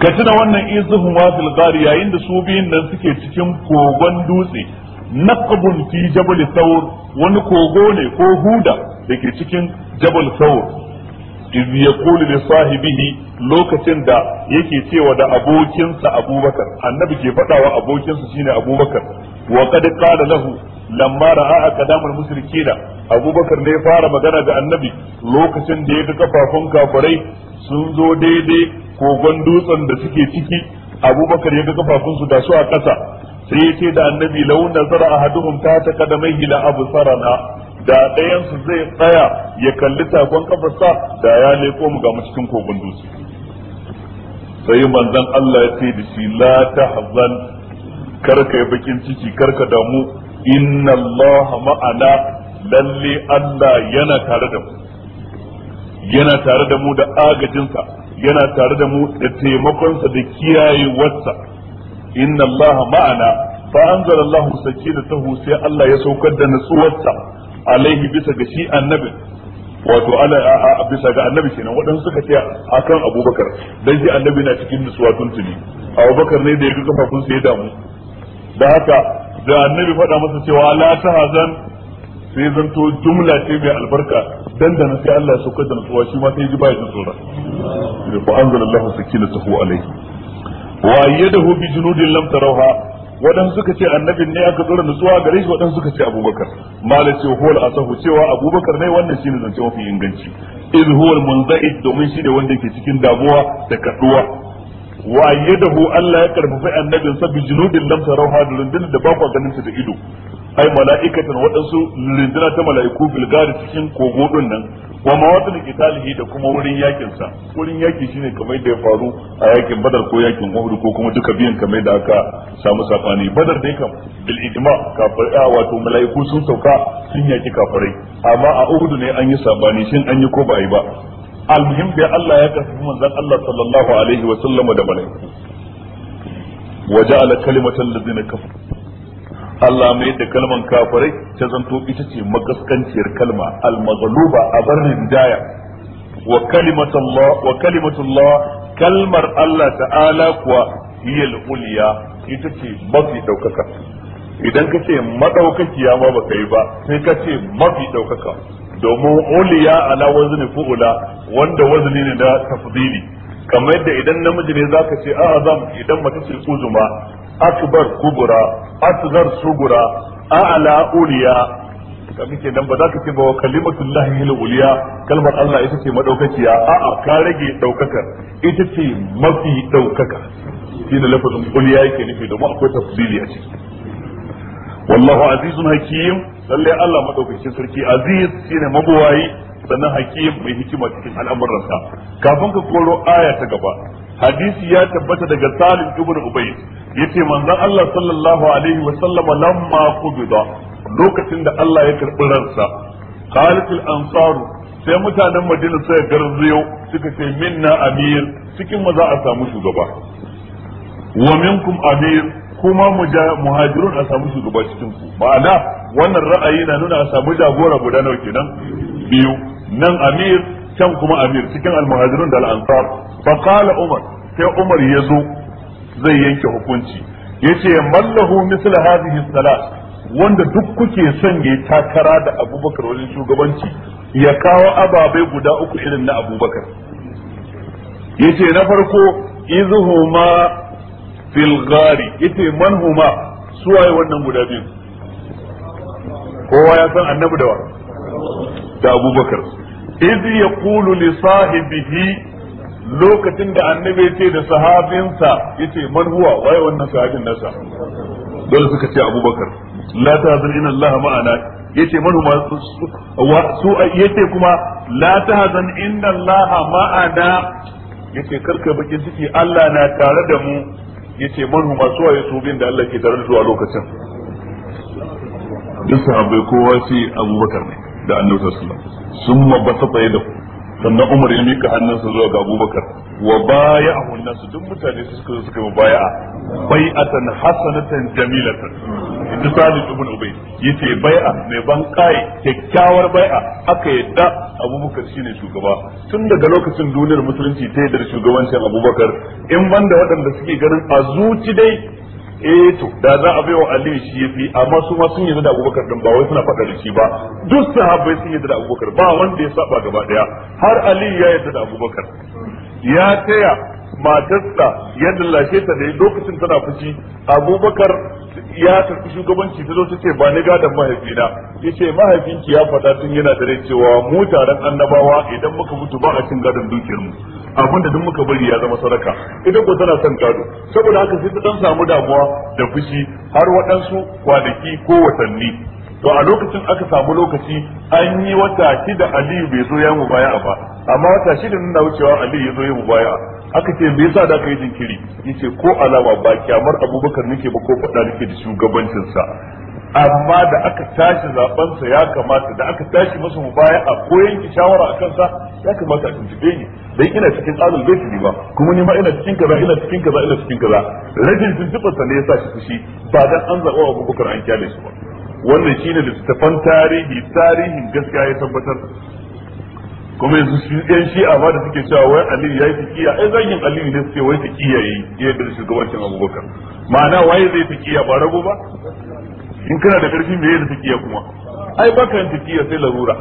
ka tuna wannan izuhum wa fil ghari yayin da su biyun nan suke cikin kogon dutse naqbun fi jabal thawr wani kogo ne ko huda dake cikin jabal thawr إذ يقول sahibihi lokacin da yake cewa da abokinsa abubakar annabi ke faɗa wa abokinsa shine abubakar wa qad qala lahu lamma ra'a qadamul musrikina abubakar ne ya fara magana da annabi lokacin da ya ga kafafun kafirai sun zo daidai kogon dutsen da suke ciki abubakar ya ga su da su a ƙasa sai ya ce da annabi law nazara ahaduhum ta ta ila la absarana da ɗayan zai tsaya ya kalli takon kafarsa da ya leko mu ga mu cikin kogon dutse sai manzon Allah ya ce da shi la tahzan karka yi bakin ciki karka damu inna Allah ma'ana lalle Allah yana tare da mu yana tare da mu da agajinsa yana tare da mu da taimakonsa da kiyayewarsa inna Allah ma'ana fa anzala Allah sakinatahu sai Allah ya saukar da nutsuwarsa alaihi bisa ga shi annabin wato ala a bisa ga annabi kenan waɗansu suka ce akan abubakar dan shi annabi na cikin nutsuwa tuntuni abubakar ne da ya ga kafafun ya damu da haka da annabi faɗa masa cewa la tahzan sai zanto jumla ce mai albarka dan da sai Allah ya sauka da nutsuwa shi ma sai ji ba ya tsora fa anzalallahu sakinatahu alaihi wa ayyadahu bi junudin lam tarawha waɗansu suka ce annabin ne aka tsora nutsuwa gare shi waɗansu suka ce abubakar mala ce huwal asahu cewa abubakar ne wannan shine zance mafi inganci iz huwal munza'id domin shine wanda yake cikin damuwa da kaduwa wa ayyadahu Allah ya karfafa annabin sa bi junudin lam tarawha da rundunar da ba ganin su da ido ai mala'ikatan waɗansu rinduna ta mala'iku bilgari cikin kogo ɗin nan wa ma wata da kitalihi da kuma wurin yakin sa wurin yaki shine kamar da ya faru a yakin badar ko yakin uhud ko kuma duka biyan kamar da aka samu sabani badar dai kam bil ijma kafir wato mala'iku sun sauka sun yaki kafirai amma a uhud ne an yi sabani shin an yi ko ba yi ba almuhim da Allah ya tafi manzon Allah sallallahu alaihi wa sallama da mala'iku وجعل كلمة الذين كفروا Allah mai da kalman kafirai ta zanto ita ce magaskanciyar kalma al-maghluba a barnin daya wa kalimatullah wa kalmar Allah ta'ala kuwa hiyal ulya ita ce mafi daukaka idan ka ce madaukakiya ma baka yi ba sai ka ce mafi daukaka domin uliya ala wazni fu'ula wanda wazni ne na tafdili kamar yadda idan namiji ne zaka ce a'azam idan mace ce uzuma akbar kubura asghar sugura a'la uliya kamin kenan ba za ka ce ba wa kalimatullahi hil uliya kalmar Allah ita ce madaukakiya a'a ka rage daukaka ita ce mafi daukaka ne lafazin uliya yake nufi domin akwai tafsili a ciki wallahu azizun hakim lalle Allah madaukakin sarki aziz shine mabuwayi sannan hakim mai hikima cikin al'amuransa kafin ka koro aya ta gaba hadisi ya tabbata daga Salim ibnu ubayd yace manzon Allah sallallahu alaihi wa sallama lamma qubida lokacin da Allah ya karbi ransa qalat al ansaru sai mutanen Madina suka garzayo suka ce minna amir cikin maza a samu shugaba wa minkum amir kuma muhajirun a samu shugaba cikin ku ma'ana wannan ra'ayi na nuna a samu jagora guda nawa kenan biyu nan amir can kuma amir cikin al almuhajirun da al-ansar fa qala umar sai umar ya zo zai yanke hukunci yace mallahu misl hadhihi salat wanda duk kuke son ya takara da abubakar wajen shugabanci ya kawo ababai guda uku irin na abubakar yace na farko izhuma fil ghari yace man huma suwaye wannan guda biyu kowa ya san annabi da wa da abubakar iz yaqulu li sahibihi lokacin da annabi ya ce da sahabinsa ya ce man huwa waye wannan sahabin nasa dole suka ce abubakar la ta tahzan ina allah ma'ana Ya ce man huwa su ce kuma la ta tahzan ina allah ma'ana Ya ce karka bakin ciki allah na tare da mu ce man huwa su waye su bin da allah ke tare da su a lokacin duk sahabbai kowa sai abubakar ne da annabi sallallahu alaihi wasallam summa basata yadahu sannan Umar ya mika hannunsa zuwa ga Abubakar wa baya a hunna su duk mutane su suka suka yi a bai'atan hasanatan jamilatan inda Salim ibn Ubay yace a mai ban kai kyakkyawar a aka yadda Abubakar shine shugaba tun daga lokacin duniyar musulunci ta yi yadda shugabancin Abubakar in banda waɗanda suke ganin a zuci dai eh to da za a bai wa Aliyu shi yafi amma su ma sun yi da Abubakar din ba wai suna faɗa da shi ba duk sahabbai sun yarda da Abubakar ba wanda ya saba gaba daya har Aliyu ya yarda da Abubakar ya taya matarsa yadda lashe ta da lokacin tana fushi Abubakar ya tafi shugabanci ta zo ta ce ba ni gadon mahaifina ya ce mahaifinki ya faɗa tun yana da rai cewa mu taron annabawa idan muka mutu ba a cin gadon dukiyarmu abin da duk muka bari ya zama sadaka idan ko tana son gado saboda haka sai ta dan samu damuwa da fushi har waɗansu kwanaki ko watanni to a lokacin aka samu lokaci an yi wata shida aliyu bai zo ya mu baya ba amma wata shida nuna wucewa aliyu ya zo ya mu baya aka ce me yasa da kai jinkiri yace ko alama ba kyamar abubakar nake ba ko faɗa nake da shugabancinsa amma da aka tashi zaben ya kamata da aka tashi masa mubaya'a ko yanke shawara a kansa ya kamata a tuntube ni dan ina cikin alul baiti ne ba kuma ni ma ina cikin kaza ina cikin kaza ina cikin kaza rajin tuntuɓar sa ne yasa shi fushi ba dan an zaɓa wa Abubakar an kyale su ba wannan shine littattafan tarihi tarihin gaskiya ya tabbatar kuma yanzu shi ɗan shi'a ma da suke cewa wai aliyu ya yi takiya ai zagin aliyu ne suke wai takiya yi ya da shugabancin abubakar ma'ana waye zai takiya ba rago ba in kana da karfi me da takiya kuma ai baka yin takiya sai larura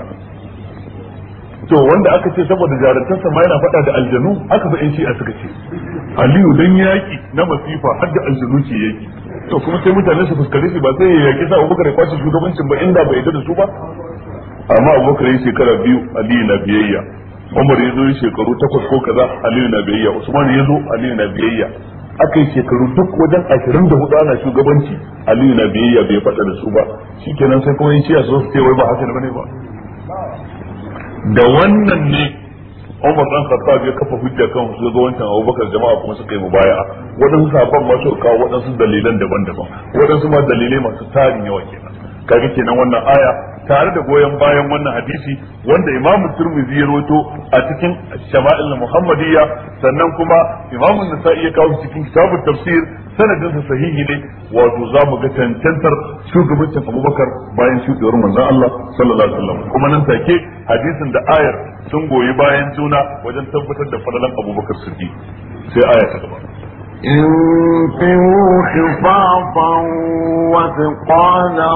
to wanda aka ce saboda jarantar sama yana faɗa da aljanu aka in shi a suka ce aliyu dan yaki na masifa har da aljanu ce yaki to kuma sai mutane su fuskare shi ba sai ya yaki sa abubakar ya kwace shugabancin ba inda bai da su ba amma abubakar yi shekara biyu aliyu na biyayya umar ya zo shekaru takwas ko kaza aliyu na biyayya usman ya zo aliyu na biyayya aka yi shekaru duk wajen ashirin da hudu ana shugabanci aliyu na biyayya bai faɗa da su ba kenan sai kuma yin ciya su ce wai ba haka ne ba da wannan ne Umar dan Khattab ya kafa hujja kan su ga wancan Abubakar jama'a kuma suka yi mubaya'a waɗansu sabon masu kawo waɗansu dalilan daban-daban waɗansu ma dalilai masu tarin yawa kaga kenan wannan aya tare da goyon bayan wannan hadisi wanda Imam Tirmidhi ya a cikin Shama'il Muhammadiyya sannan kuma Imam Nasa'i ya kawo cikin kitabut tafsir sanadin sa sahihi ne wato zamu ga tantantar shugabancin Abubakar bayan shugewar manzon Allah sallallahu alaihi wasallam kuma nan take hadisin da ayar sun goyi bayan juna wajen tabbatar da fadalan Abubakar Siddiq sai aya ta gaba انفروا حفاظا وثقالا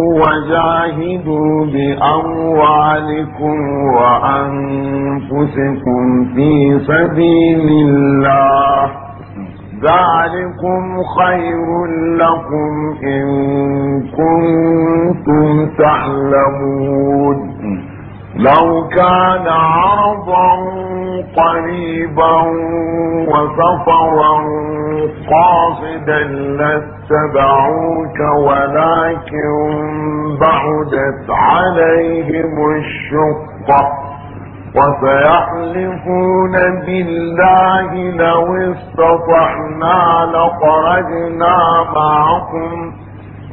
وجاهدوا بأموالكم وأنفسكم في سبيل الله ذلكم خير لكم إن كنتم تعلمون لو كان عرضا قريبا وسفرا قاصدا لاتبعوك ولكن بعدت عليهم الشقة وسيحلفون بالله لو استطعنا لخرجنا معكم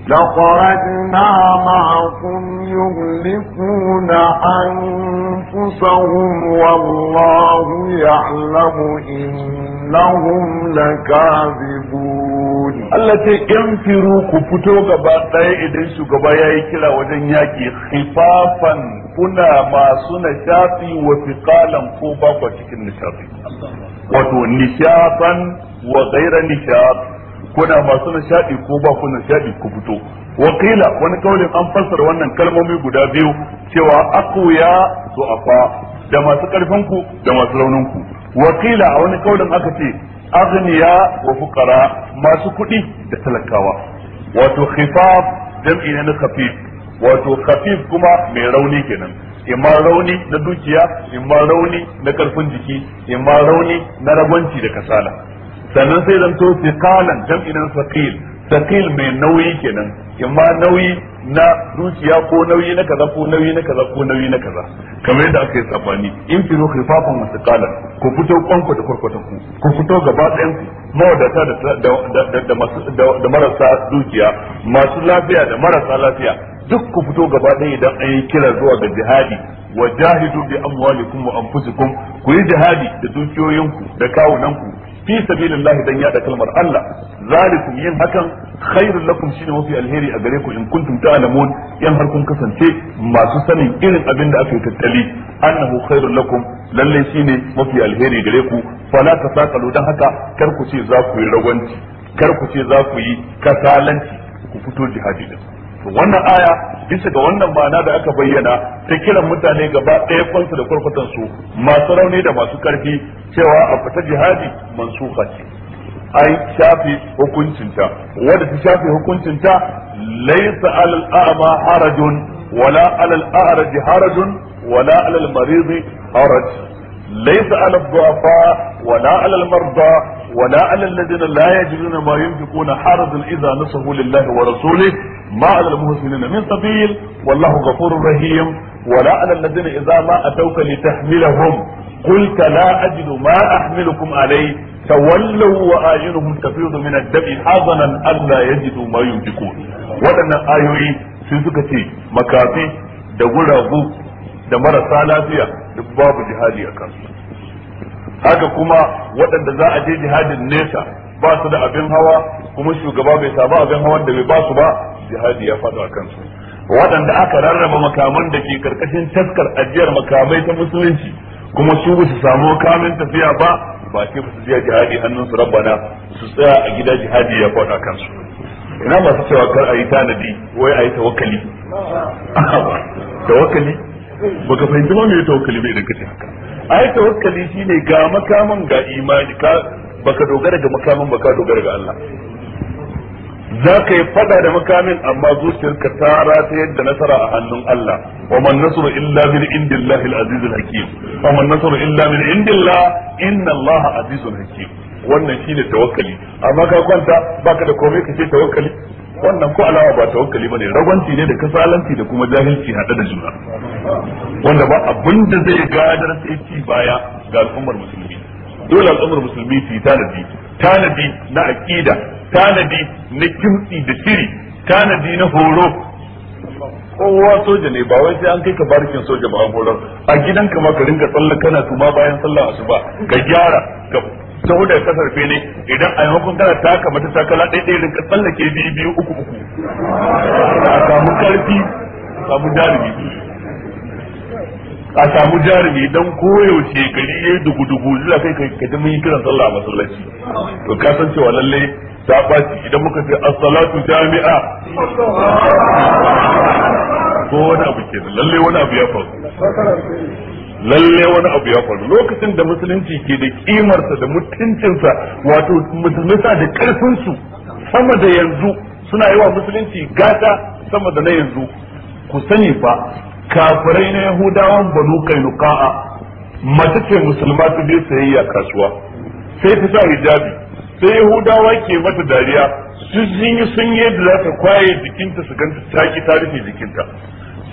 لخرجنا معكم يهلكون أنفسهم والله يعلم Allah لكاذبون التي انفروا كفتو غبا ɗaya idan shugaba ya yi kira wajen yaki, hifafan kuna masu nishafi wa fiqalan ko ba cikin nishafi wato nishafan wa ghaira nishafi kuna masu nishadi ko ba ku nishadi ku fito wakila wani kaulin an fassara wannan kalmomi guda biyu cewa ya akuya afa da masu karfin ku da masu raunin ku wakila a wani kaulin aka ce aghniya wa fuqara masu kuɗi da talakawa wato khifaf jam'i ne na khafif wato khafif kuma mai rauni kenan imma rauni na dukiya imma rauni na karfin jiki imma rauni na rabanci da kasala sannan sai zanto kalan jam'in saqil saqil mai nauyi kenan ma nauyi na zuciya ko nauyi na kaza ko nauyi na kaza ko nauyi na kaza kamar yadda aka yi tsabani in firo khifafan wa thiqalan ku fito kwanku da kwarkwatan ku ku fito gaba ɗayan ku mawadata da da marasa zuciya masu lafiya da marasa lafiya duk ku fito gaba ɗaya idan an yi kira zuwa ga jihadi wa jahidu bi amwalikum wa anfusikum ku yi jihadi da dukiyoyinku da kawunanku fi sabilillah dan yada kalmar Allah zalikum yin hakan khairul lakum shine mafi alheri a gare ku in kuntum ta'lamun yan har kun kasance masu sanin irin abin da aka yi tattali annahu khairul lakum lalle shine mafi alheri gare ku fala tasaqalu dan haka kar ku ce za ku yi rawanci. kar ku ce za ku yi kasalanci ku fito jihadi din wannan aya bisa ga wannan ma'ana da aka bayyana ta kiran mutane gaba ɗaya kwansu da kwarkwatan su masu rauni da masu ƙarfi, cewa a fita jihadi mansuka ce ai shafi hukuncinta wanda ta shafi hukuncinta laysa alal a'ma harajun wala alal a'raj harajun wala alal marid haraj laysa alal du'afa wala alal marda ولا على الذين لا يجدون ما ينفقون حرج اذا نصحوا wa ورسوله ما على المحسنين من سبيل والله غفور رحيم ولا على الذين إذا ما أتوك لتحملهم قلت لا أجد ما أحملكم عليه تولوا وآينهم تفيض من الدم حزنا ألا يجدوا ما ينفقون waɗannan ayoyi sun suka ce makafi da guragu da marasa lafiya duk babu jihadi a kansu haka kuma waɗanda za a je jihadin nesa ba su da abin hawa kuma shugaba bai samu abin hawa da bai ba su ba jihadi ya faɗo a kansu waɗanda aka rarraba makaman da ke karkashin taskar ajiyar makamai ta musulunci kuma su ba su samu kamin tafiya ba ba ce su je jihadi hannun su rabbana su tsaya a gida jihadi ya faɗo a kansu ina masu cewa kar a yi tanadi wai a yi tawakkali tawakkali baka fahimci ma me tawakkali bai da kace haka a yi tawakkali shine ga makaman ga imani ka baka dogara ga makamin baka dogara ga Allah za ka yi fada da makamin amma zuciyarka ta rata yadda nasara a hannun Allah wa man nasru illa min indillahi al-aziz al-hakim wa man nasru illa min indillah inna Allah azizun hakim wannan shine tawakkali amma ka kwanta baka da komai kace tawakkali wannan ko alama ba tawakkali bane rabanci ne da kasalanci da kuma jahilci hada da juna wanda ba abinda zai gadar sai ci baya ga al'ummar musulmi dole al'ummar musulmi su yi tanadi tanadi na aƙida. tanadi na kimtsi da shiri tanadi na horo kowa soja ne ba wai sai an kai ka barikin soja ba horar a gidan ma ka rinka tsalla kana ma bayan sallah asuba ka gyara ka saboda da ka sarfe idan a yankun kana taka mata takala ɗaya ɗaya rinka tsallake biyu biyu uku uku samu karfi samu jarumi a samu jarumi dan koyaushe gari ya dugu dugu zuwa kai kai kaji mun yi kiran sallah a masallaci to ka san cewa lalle ta baci idan muka ce as-salatu jami'a ko wani abu ke lalle wani abu ya faru lalle wani abu ya faru lokacin da musulunci ke da kimarsa da mutuncinsa wato musulmi sa da karfin su sama da yanzu suna yi wa musulunci gata sama da na yanzu ku sani fa kafirai na yahudawan banu kainuka'a mace ce musulma ta je sayayya kasuwa sai ta sa hijabi sai yahudawa ke mata dariya sun yi sun yi da za ta kwaye jikinta su ganta ta ki ta rufe jikinta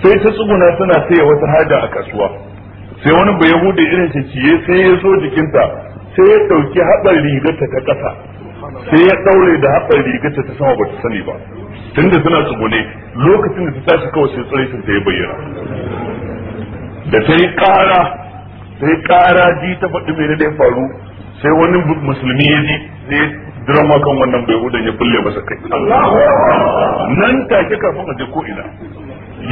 sai ta tsuguna tana saya wata hada a kasuwa sai wani bai yahuda irin shi ciye sai ya so jikinta sai ya dauki haɓar rigarta ta ƙasa sai ya daure da haɓar rigarta ta sama ba ta sani ba tunda suna tsugune lokacin da ta tashi kawai sai tsirrishin ta ya bayyana da ta yi ƙara sai ƙara ji ta faɗi mai da ya faru sai wani musulmi ya ji sai drama kan wannan bai hudan ya kulle masa kai nan ta ke kafin a je ko ina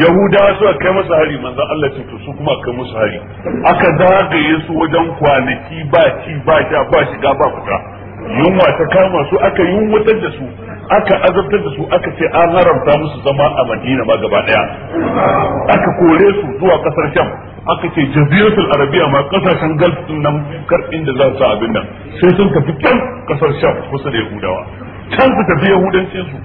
yahudawa suka kai masa hari manzan Allah ce to su kuma kai musu hari aka zagaye su wajen kwanaki ba ci ba sha ba shiga ba fita yunwa ta kama su aka yunwatar da su aka azabtar da su aka ce an haramta musu zama a madina ma gaba daya aka kore su zuwa kasar sham aka ce jaziratul arabiya ma kasashen gulf din nan kar inda za su sa abin nan sai sun tafi can kasar sham kusa da yahudawa can su tafi yahudancin su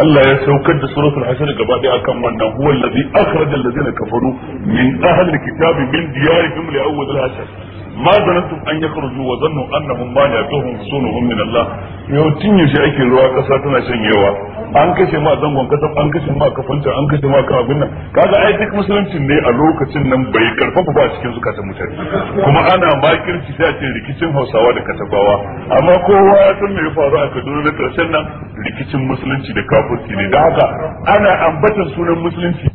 Allah ya saukar da suratul hashr gaba daya akan wannan huwa allazi akhraja allazina kafaru min ahli alkitabi min diyarihim li awwal alhashr ما ظننتم an يخرجوا wa انهم مانعتهم mani'atuhum من min Allah yau tun روا ake ruwa شنيوا tana shanyewa an kashe ma zangon kasa an kashe ma kafanta an kashe ma اي abin مسلمتين ني ا لوكاتين نان ne a lokacin nan bai karfafa ba cikin zukatan mutane kuma ana makirci sai rikicin Hausawa da Katabawa amma kowa ya san me ya faru a Kaduna da karshen nan rikicin musulunci da kafirci ne da haka ana ambatan sunan musulunci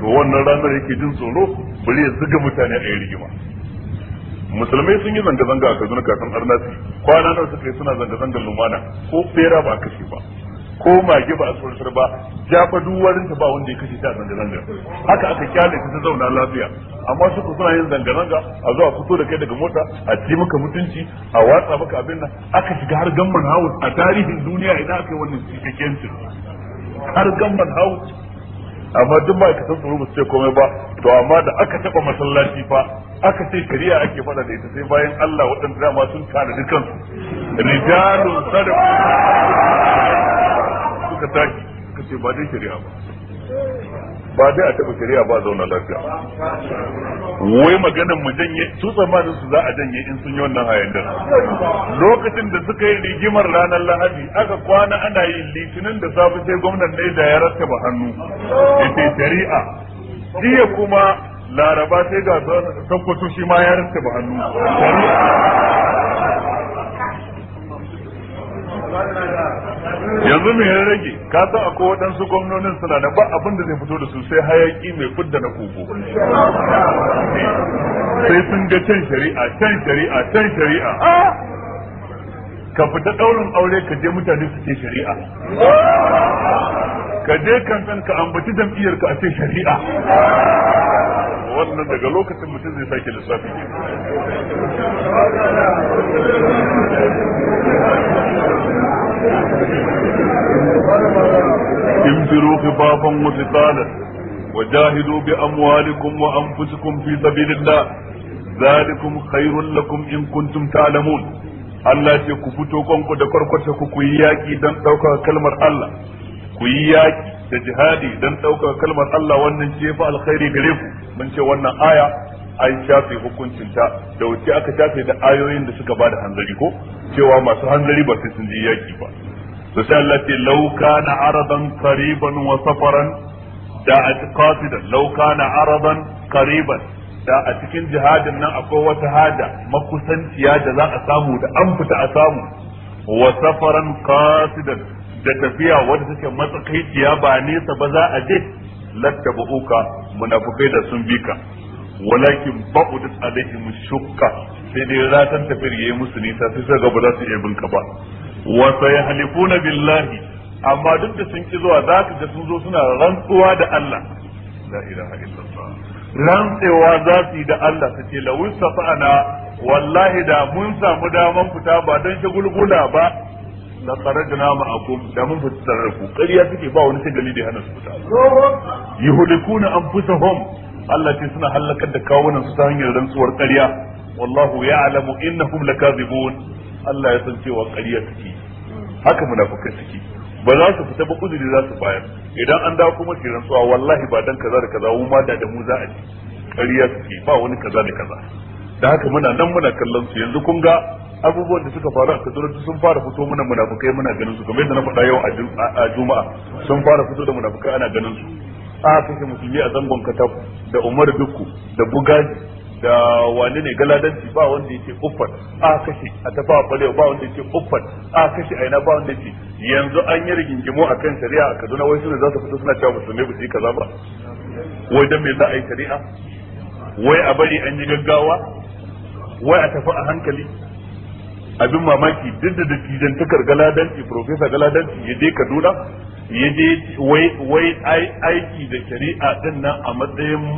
to wannan ranar yake jin tsoro bari ya zuga mutane a yi rigima musulmai sun yi zanga-zanga a kaduna kafin arnasi kwana nawa suka yi suna zanga zanga lumana ko fera ba a kashe ba ko mage ba a tsorsar ba jafa duwarin ta ba wanda ya kashe ta zanga-zanga haka aka kyale ta zauna lafiya amma su suna yin zanga-zanga a zuwa fito da kai daga mota a ji maka mutunci a watsa maka abin nan aka shiga har gamban house a tarihin duniya idan aka yi wannan cikakken har gamban house amma duk ma'aikatan tsaro ba su komai ba to amma da aka taba masallaci fa aka ce shari'a ake fada da ita sai bayan Allah waɗanda dama sun tanadi kansu rijalun sadaku suka tashi suka ce ba dai shari'a ba ba dai a taɓa shari'a ba zauna lafiya wai maganin mu janye su tsammanin su za a janye in sun yi wannan hayandar lokacin da suka yi rigimar ranar lahadi aka kwana ana yin litinin da safe sai gwamnan ne da ya ba hannu ita shari'a jiya kuma laraba sai ga sakwato shi ma ya ba hannu shari'a yanzu me ya rage ka san akwai waɗansu gwamnonin suna da ba abin da zai fito da su sai hayaki mai fudda na kogo sai sun ga can shari'a can shari'a can shari'a ka fita ɗaurin aure ka je mutane su ce shari'a ka je kankan ka ambaci jam'iyyar ka a ce shari'a wannan daga lokacin mutum zai sake lissafi انفروا خفافا وثقالا وجاهدوا بأموالكم وأنفسكم في سبيل الله ذلكم خير لكم إن كنتم تعلمون Allah ce ku fito kanku da kwarkwata ku yi yaƙi don ɗaukar kalmar Allah ku yi yaƙi da jihadi don ɗaukar kalmar Allah wannan ce fa alkhairi gare ku mun ce wannan aya an shafe hukuncinta da wuce aka shafe da ayoyin da suka bada hanzari ko cewa masu hanzari ba sai sun je yaki ba to sai Allah ce law kana aradan qariban wa safaran da atqasidan law kana aradan qariban da a cikin jihadin nan akwai wata hada makusanciya da za a samu da an fita a samu wa safaran qasidan da tafiya wadda take matsakaiciya ba nesa ba za a je lattabuka munafukai da sun bika walakin ba'udat alaihim shukka sai dai ratan tafiyar yayi musu nisa sai suka ba za su iya binka ba wa sayhalifuna billahi amma duk da sun ki zuwa za ka ga sun suna rantsuwa da Allah la ilaha illallah rantsewa za su yi da Allah su ce la wallahi da mun samu daman fita ba dan shagulgula ba la kharajna ma'akum da mun fita tare ku wani shagali da su fita Allah ce suna halakar da kawunan su ta hanyar rantsuwar ƙarya wallahu ya'lamu innahum lakazibun Allah ya san cewa ƙarya take haka munafikai suke ba za su fita ba uzuri za su bayar idan an dawo kuma su rantsuwa wallahi ba dan kaza da kaza mu ma da mu za a ji ƙarya suke ba wani kaza da kaza da haka muna nan muna kallon su yanzu kun ga abubuwan da suka faru a Kaduna sun fara fito muna munafukai muna ganin su kamar yadda na faɗa yau a Juma'a sun fara fito da munafukai ana ganin su aka kashe musulmi a zangon kataku da umar duku da bugaji da wani ne galadanci ba wanda yake uffat a kashe a tafa a balewa ba wanda yake uffat a kashe aina ba wanda yake yanzu an yi rigingimo a kan shari'a a kaduna wai sune za su fito suna cewa musulmai ba su yi kaza ba wai don me za a yi shari'a wai a bari an yi gaggawa wai a tafi a hankali abin mamaki duk da dattijan takar galadanci profesa galadanci ya je kaduna ya je wai aiki da shari'a din nan a matsayin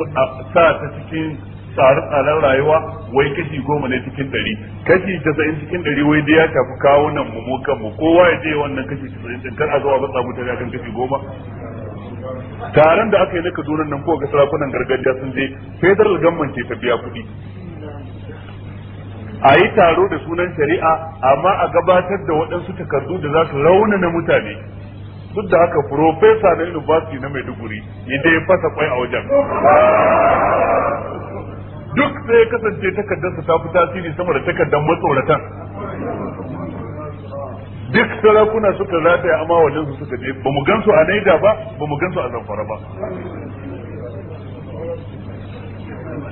sa ta cikin tsare-tsaren rayuwa wai kashi goma ne cikin ɗari kashi casa'in cikin ɗari wai dai ya tafi kawo nan mu mu kanmu kowa ya je wannan kashi casa'in din kar a zuwa ba samu tare kan kashi goma taron da aka yi na kaduna nan ko ga sarakunan gargajiya sun je federal gamman ce ta biya kuɗi a yi taro da sunan shari'a amma a gabatar da waɗansu takardu da za su raunana mutane duk da haka profesa na university na maiduguri idan ya fasa kwai a wajen duk sai ya kasance takardarsa ta fi tasiri sama da takardar matsoratan duk sarakuna suka rataya amma wajen su suka je ba mu gansu a naida ba ba mu gansu a zamfara ba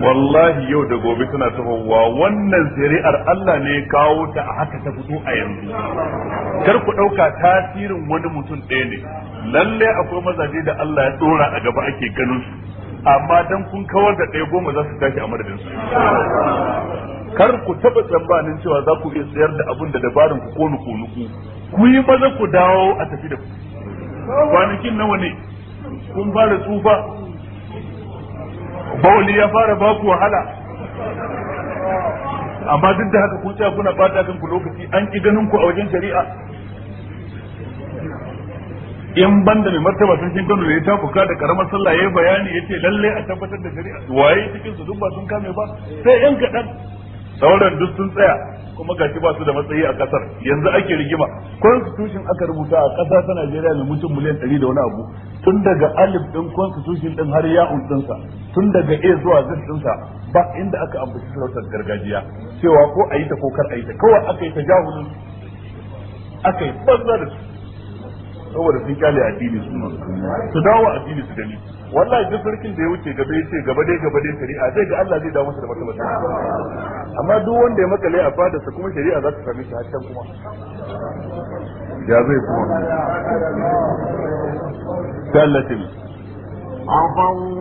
wallahi yau da gobe tana tafowa wannan shari'ar Allah ne kawo ta a haka ta fito a yanzu kar ku ɗauka tasirin wani mutum ɗaya ne lalle akwai mazaje da Allah ya tsora a gaba ake ganin su amma dan kun kawar da ɗaya goma za su tashi a madadin su kar ku taba tsammanin cewa za ku iya sayar da abun da dabarin ku ko nuku nuku ku yi maza ku dawo a tafi da ku kwanakin nawa ne kun fara tsufa bauli ya fara baku wahala amma duk da haka kun kuna bata kan ku lokaci an ki ganin ku a wajen shari'a in banda mai martaba sun shin kano da ya kuka da karamar sallah ya bayani ya ce lallai a tabbatar da shari'a waye cikin su duk ba sun kame ba sai yan kaɗan sauran duk sun tsaya kuma gashi ba su da matsayi a kasar yanzu ake rigima constitution aka rubuta a kasa ta Najeriya mai mutum miliyan 100 da wani abu tun daga alif din constitution din har ya sa tun daga a zuwa z din sa ba inda aka ambaci sarautar gargajiya cewa ko ayi ta ko kar ayi ta kawai aka yi ta tajawuzin aka yi banza saboda sun kyale addini su su dawo addini su gani wallahi duk sarkin da ya wuce gaba ya ce gaba dai gaba dai shari'a zai ga Allah zai dawo masa da martaba amma duk wanda ya makale a fada sa kuma shari'a za ta same shi har kuma ya zai kuma Dalatin. afa an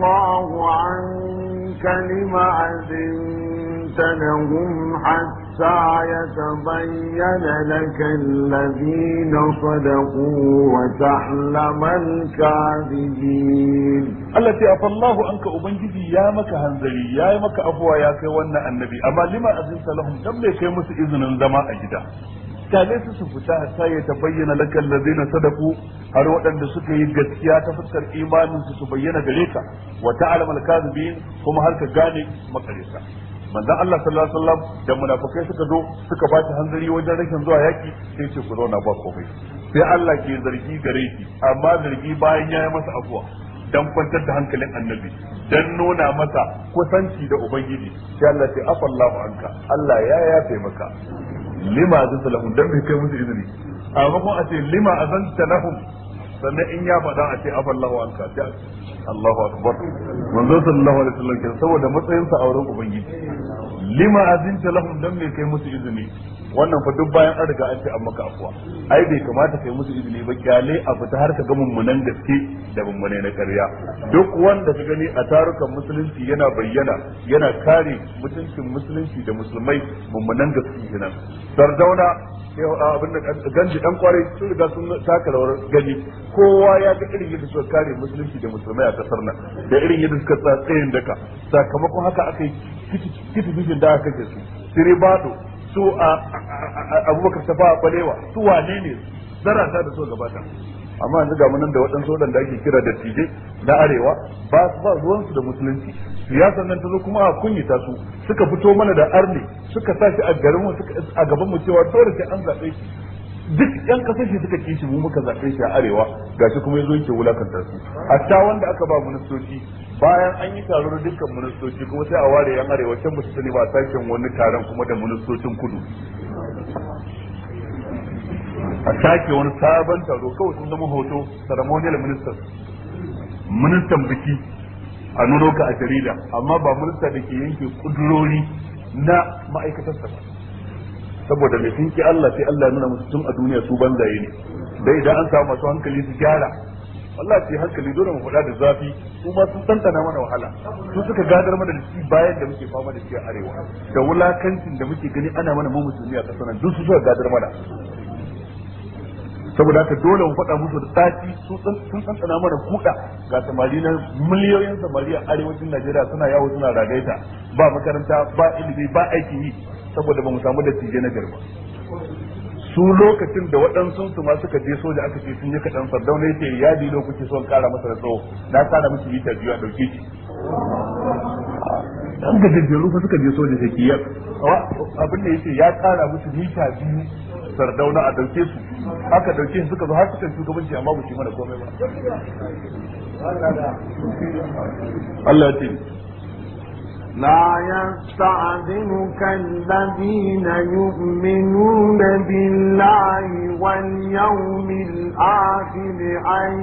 anka azim لهم حتى يتبين لك الذين صدقوا وتعلم الكاذبين التي أفى الله أنك أبنجي يا مك هنزلي يا مك أبوى يا كيوانا النبي أما لما أذنت لهم جملة كيمس إذن زما أجدا kyale su su fita ta ya ta bayyana laka allazina sadaku har waɗanda suka yi gaskiya ta fuskar imanin su su bayyana gare ka wa ta'lamal kadhibin kuma har ka gane makarisa manzon Allah sallallahu alaihi wasallam da munafikai suka zo suka ba ta hanzari wajen rashin zuwa yaki sai ce ku zauna ba komai sai Allah ke zargi gare ki amma zargi bayan ya yi masa afuwa dan kwantar da hankalin annabi dan nuna masa kusanci da ubangiji sai Allah ce afallahu anka Allah ya yafe maka lima azanta lahum dan bai kai musu izini amma kuma a ce lima azanta lahum sannan in ya faɗa a ce afallahu anka Allahu akbar manzo sallallahu alaihi wasallam ke saboda matsayin sa auren ubangiji lima azinta lahum dan me kai musu izini wannan fa duk bayan an riga an ci an maka afuwa ai bai kamata kai musu izini ba kyale a fita har ka ga mummunan gaske da mummune na karya. duk wanda ka gani a tarukan musulunci yana bayyana yana kare mutuncin musulunci da musulmai mummunan gaske kenan sardauna abin da ganji dan kwarai sun riga sun taka rawar gani kowa ya ga irin yadda suka kare musulunci da musulmai a kasar nan da irin yadda suka sa tsayin daka sakamakon haka aka yi kitifishin da aka kashe su siribado su a abubakar safa a kwalewa su wane ne zarata da so gabata amma yanzu ga nan da waɗansu waɗanda ake kira da tije na arewa ba ruwansu da musulunci siyasar nan ta zo kuma a kunyata su suka fito mana da arne suka sa a garin a gaban mu cewa dole sai an zaɓe shi duk yan kasar shi suka kishi mu muka zaɓe shi a arewa ga gashi kuma yazo yake wulakanta su hatta wanda aka ba ministoci bayan an yi taro da dukkan ministoci kuma sai a ware yan arewa can ba su sani ba sakin wani taron kuma da ministocin kudu a sake wani sabon taro kawai sun zama hoto ceremonial minister ministan biki a nuno ka a jarida amma ba minista da ke yanke kudurori na ma'aikatar sa saboda mai sun Allah sai Allah nuna musu tun a duniya su banzaye ne dai idan an samu masu hankali su gyara Allah sai hankali dole mu faɗa da zafi su ma sun tantana mana wahala su suka gadar mana da shi bayan da muke fama da shi a arewa da wulakancin da muke gani ana mana mu musulmi a kasar nan duk su suka gadar mana saboda haka dole mu faɗa musu da sati sun tsantsana mana kuɗa ga samari na miliyoyin samari a arewacin Najeriya suna yawo suna ragaita ba makaranta ba ilimi ba aiki yi saboda ba mu samu da tije na garba su lokacin da waɗansu su ma suka je soja aka ce sun yi kaɗan sardauna yake ya bi lokaci son ƙara masa da tsawo na ƙara miki mita biyu a ɗauke shi dan gajejjeru fa suka je soja sai ki abin da ce ya ƙara musu mita biyu sardauna a dauke su aka dauke su suka zo har suka shugabanci amma ba su mana komai ba Allah ya ce لا يستعذنك الذين يؤمنون بالله واليوم الآخر أن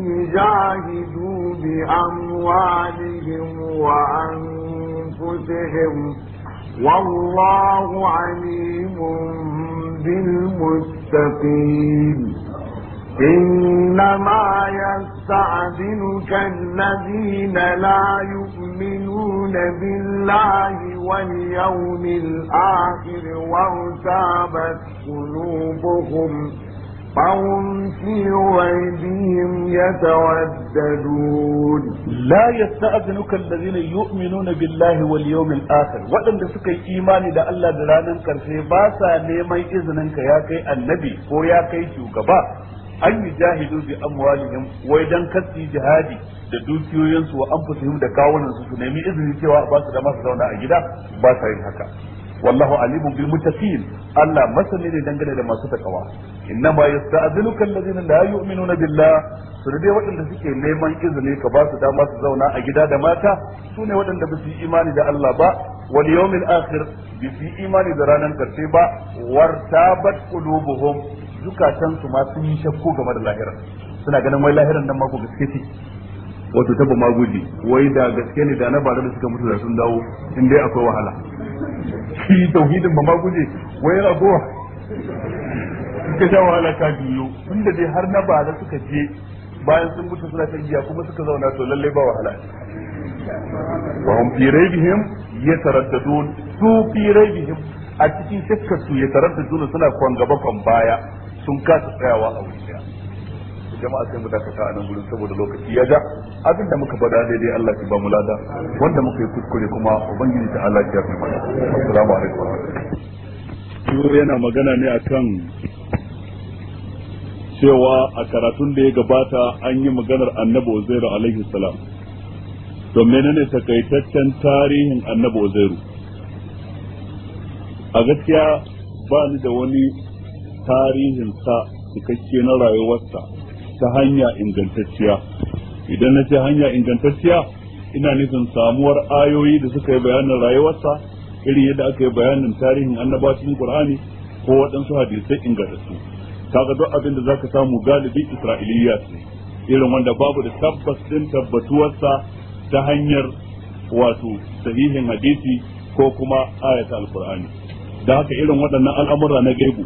يجاهدوا بأموالهم وأنفسهم والله عليم بالمستقيم إنما يستعذنك الذين لا يؤمنون بالله واليوم الآخر وارتابت قلوبهم فهم في ريبهم يترددون لا يستأذنك الذين يؤمنون بالله واليوم الآخر وأن سكي إيماني دا الله دلانا كرسي باسا نيمي إذنك يا كي النبي ويا كي شوكبا an yi jahidu bi amwalihim wai dan kasi jihadi da dukiyoyinsu wa anfusihim da kawunan su su nemi izini cewa ba su da masu zauna a gida ba sa yin haka wallahu Ali bil muttaqin Allah masani ne dangane da masu takawa inna ma yasta'dhinuka allazina la yu'minuna billah su dai waɗanda suke neman izini ka ba su dama su zauna a gida da mata su ne waɗanda ba su yi imani da Allah ba Wani yawmin akhir bi su yi imani da ranar karshe ba wartabat qulubuhum su ma sun yi shakku game da lahirar suna ganin wai lahirar nan mako gaske ce wato ta maguji wai da gaske ne da na bara da suka mutu da sun dawo in dai akwai wahala shi tauhidin ba ma guje wai ragowa suka sha wahala ta biyu tunda dai har na ba suka je bayan sun mutu suna ta giya kuma suka zauna to lallai ba wahala wa hum fi raibihim yataraddadun su fi raibihim a cikin shakkar su yataraddadun suna kwan gaba kwan baya sun kasa tsayawa a wuri jama'a sai mu dakata a nan gurin saboda lokaci ya ja abin da muka faɗa daidai Allah ya ba mu lada wanda muka yi kuskure kuma ubangiji ta Allah ya fi mana assalamu alaikum yana magana ne akan cewa a karatun da ya gabata an yi maganar annabi uzairu alaihi salam to menene takaitaccen tarihin annabi uzairu a gaskiya ba ni da wani tarihin sa cikakke na rayuwarsa ta hanya ingantacciya idan na ce hanya ingantacciya ina nisan samuwar ayoyi da suka yi bayanin rayuwarsa irin yadda aka yi bayanin tarihin annabacin qur'ani ko waɗansu hadisai ingantattu kaga duk abin da ka samu galibin isra'iliyya ce irin wanda babu da tabbas ɗin tabbatuwarsa ta hanyar wato sahihin hadisi ko kuma ayatul qur'ani da haka irin waɗannan al'amura na gaibu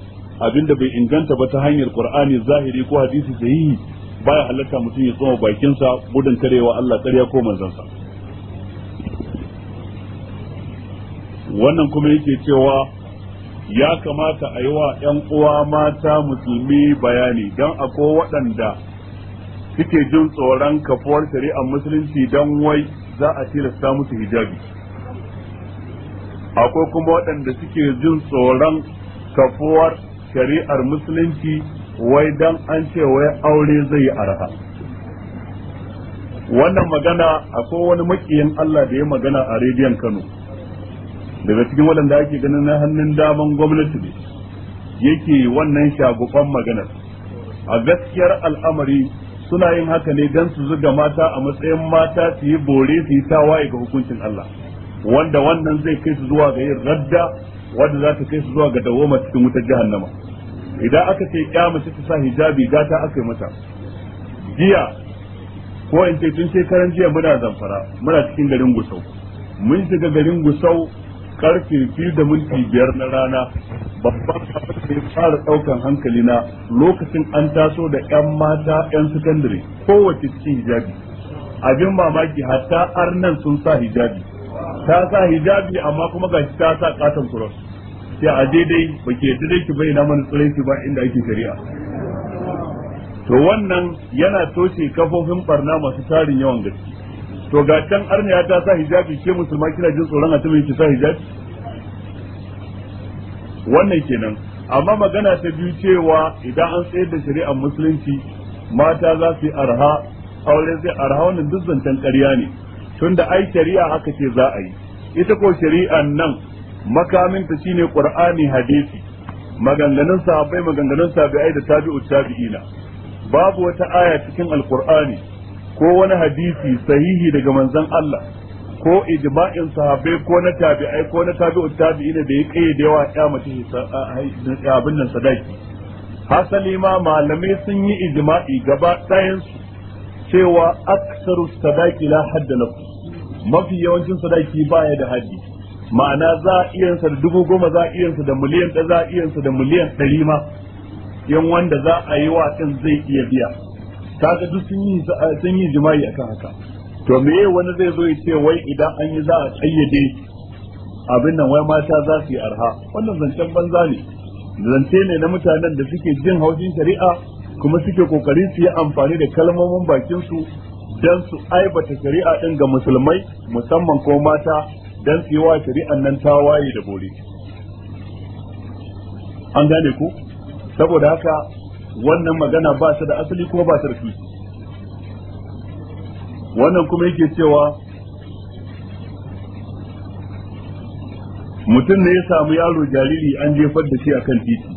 abinda bai inganta ba ta hanyar qur'ani zahiri ko hadisi sahihi baya halatta mutum ya tsoma sa gudun karewa Allah ƙarya ko sa. wannan kuma yake cewa ya kamata a yi wa 'yan uwa mata musulmi bayani don akwai waɗanda suke jin tsoron kafuwar shari'ar musulunci don wai za a tilasta musu hijabi akwai kuma waɗanda suke jin tsoron kafuwar shari'ar musulunci wai dan an ce wai aure zai yi arha wannan magana akwai wani makiyin Allah da ya magana a rediyon Kano daga cikin waɗanda ake ganin na hannun daman gwamnati ne yake wannan shagufan maganar a gaskiyar al'amari suna yin haka ne don su zuga mata a matsayin mata su yi bore su yi tawaye ga hukuncin Allah wanda wannan zai kai su zuwa ga yin radda wanda za ta kai su zuwa ga dawoma cikin wutar jahannama idan aka ce ya mace ta sa hijabi gata aka yi mata jiya ko in ce tun shekaran jiya muna zamfara muna cikin garin gusau mun shiga garin gusau karfe biyu da minti biyar na rana babban abin da ya fara daukan hankali na lokacin an taso da yan mata yan sakandare kowace cikin hijabi abin mamaki hatta arnan sun sa hijabi ta sa hijabi amma kuma ga shi ta sa katon cross sai a daidai ba ke daidai ki bayyana mana tsiraici ba inda ake shari'a to wannan yana toshe kafofin barna masu tarin yawan gaske to ga can arniya ta sa hijabi ke musulma kina jin tsoron a ki sa hijabi wannan kenan amma magana ta biyu cewa idan an tsayar da shari'ar musulunci mata za su yi arha aure zai arha wannan duk zancen ƙarya ne tunda ai shari'a haka ce za a yi ita ko shari'an nan makaminta shine qur'ani hadisi maganganun sahabbai maganganun tabi'ai da tabi'u tabi'ina babu wata aya cikin alqur'ani ko wani hadisi sahihi daga manzon Allah ko ijma'in sahabbai ko na tabi'ai ko na tabi'u tabi'ina da ya kai da yawa ya mace abin nan sadaki hasali ma malamai sun yi ijma'i gaba ɗayan cewa aksaru sadaki la hadda mafi yawancin sadaki baya da haji ma'ana za a sa da dubu goma za a sa da miliyan ɗaya za a sa da miliyan ɗari ma yan wanda za a yi wa zai iya biya kaga duk sun yi sun yi jima'i akan haka to me wani zai zo ya ce wai idan an yi za a tsayyade abin nan wai mata za su yi arha wannan zancen banza ne zance ne na mutanen da suke jin haushin shari'a kuma suke kokari su yi amfani da kalmomin bakin su don su aibata shari'a ɗin ga musulmai musamman ko mata don su yi wa shari'an nan tawaye da bore an gane ku saboda haka wannan magana ba su da asali ko ba su da wannan kuma yake cewa mutum ne ya samu yaro jariri an jefar da shi akan titi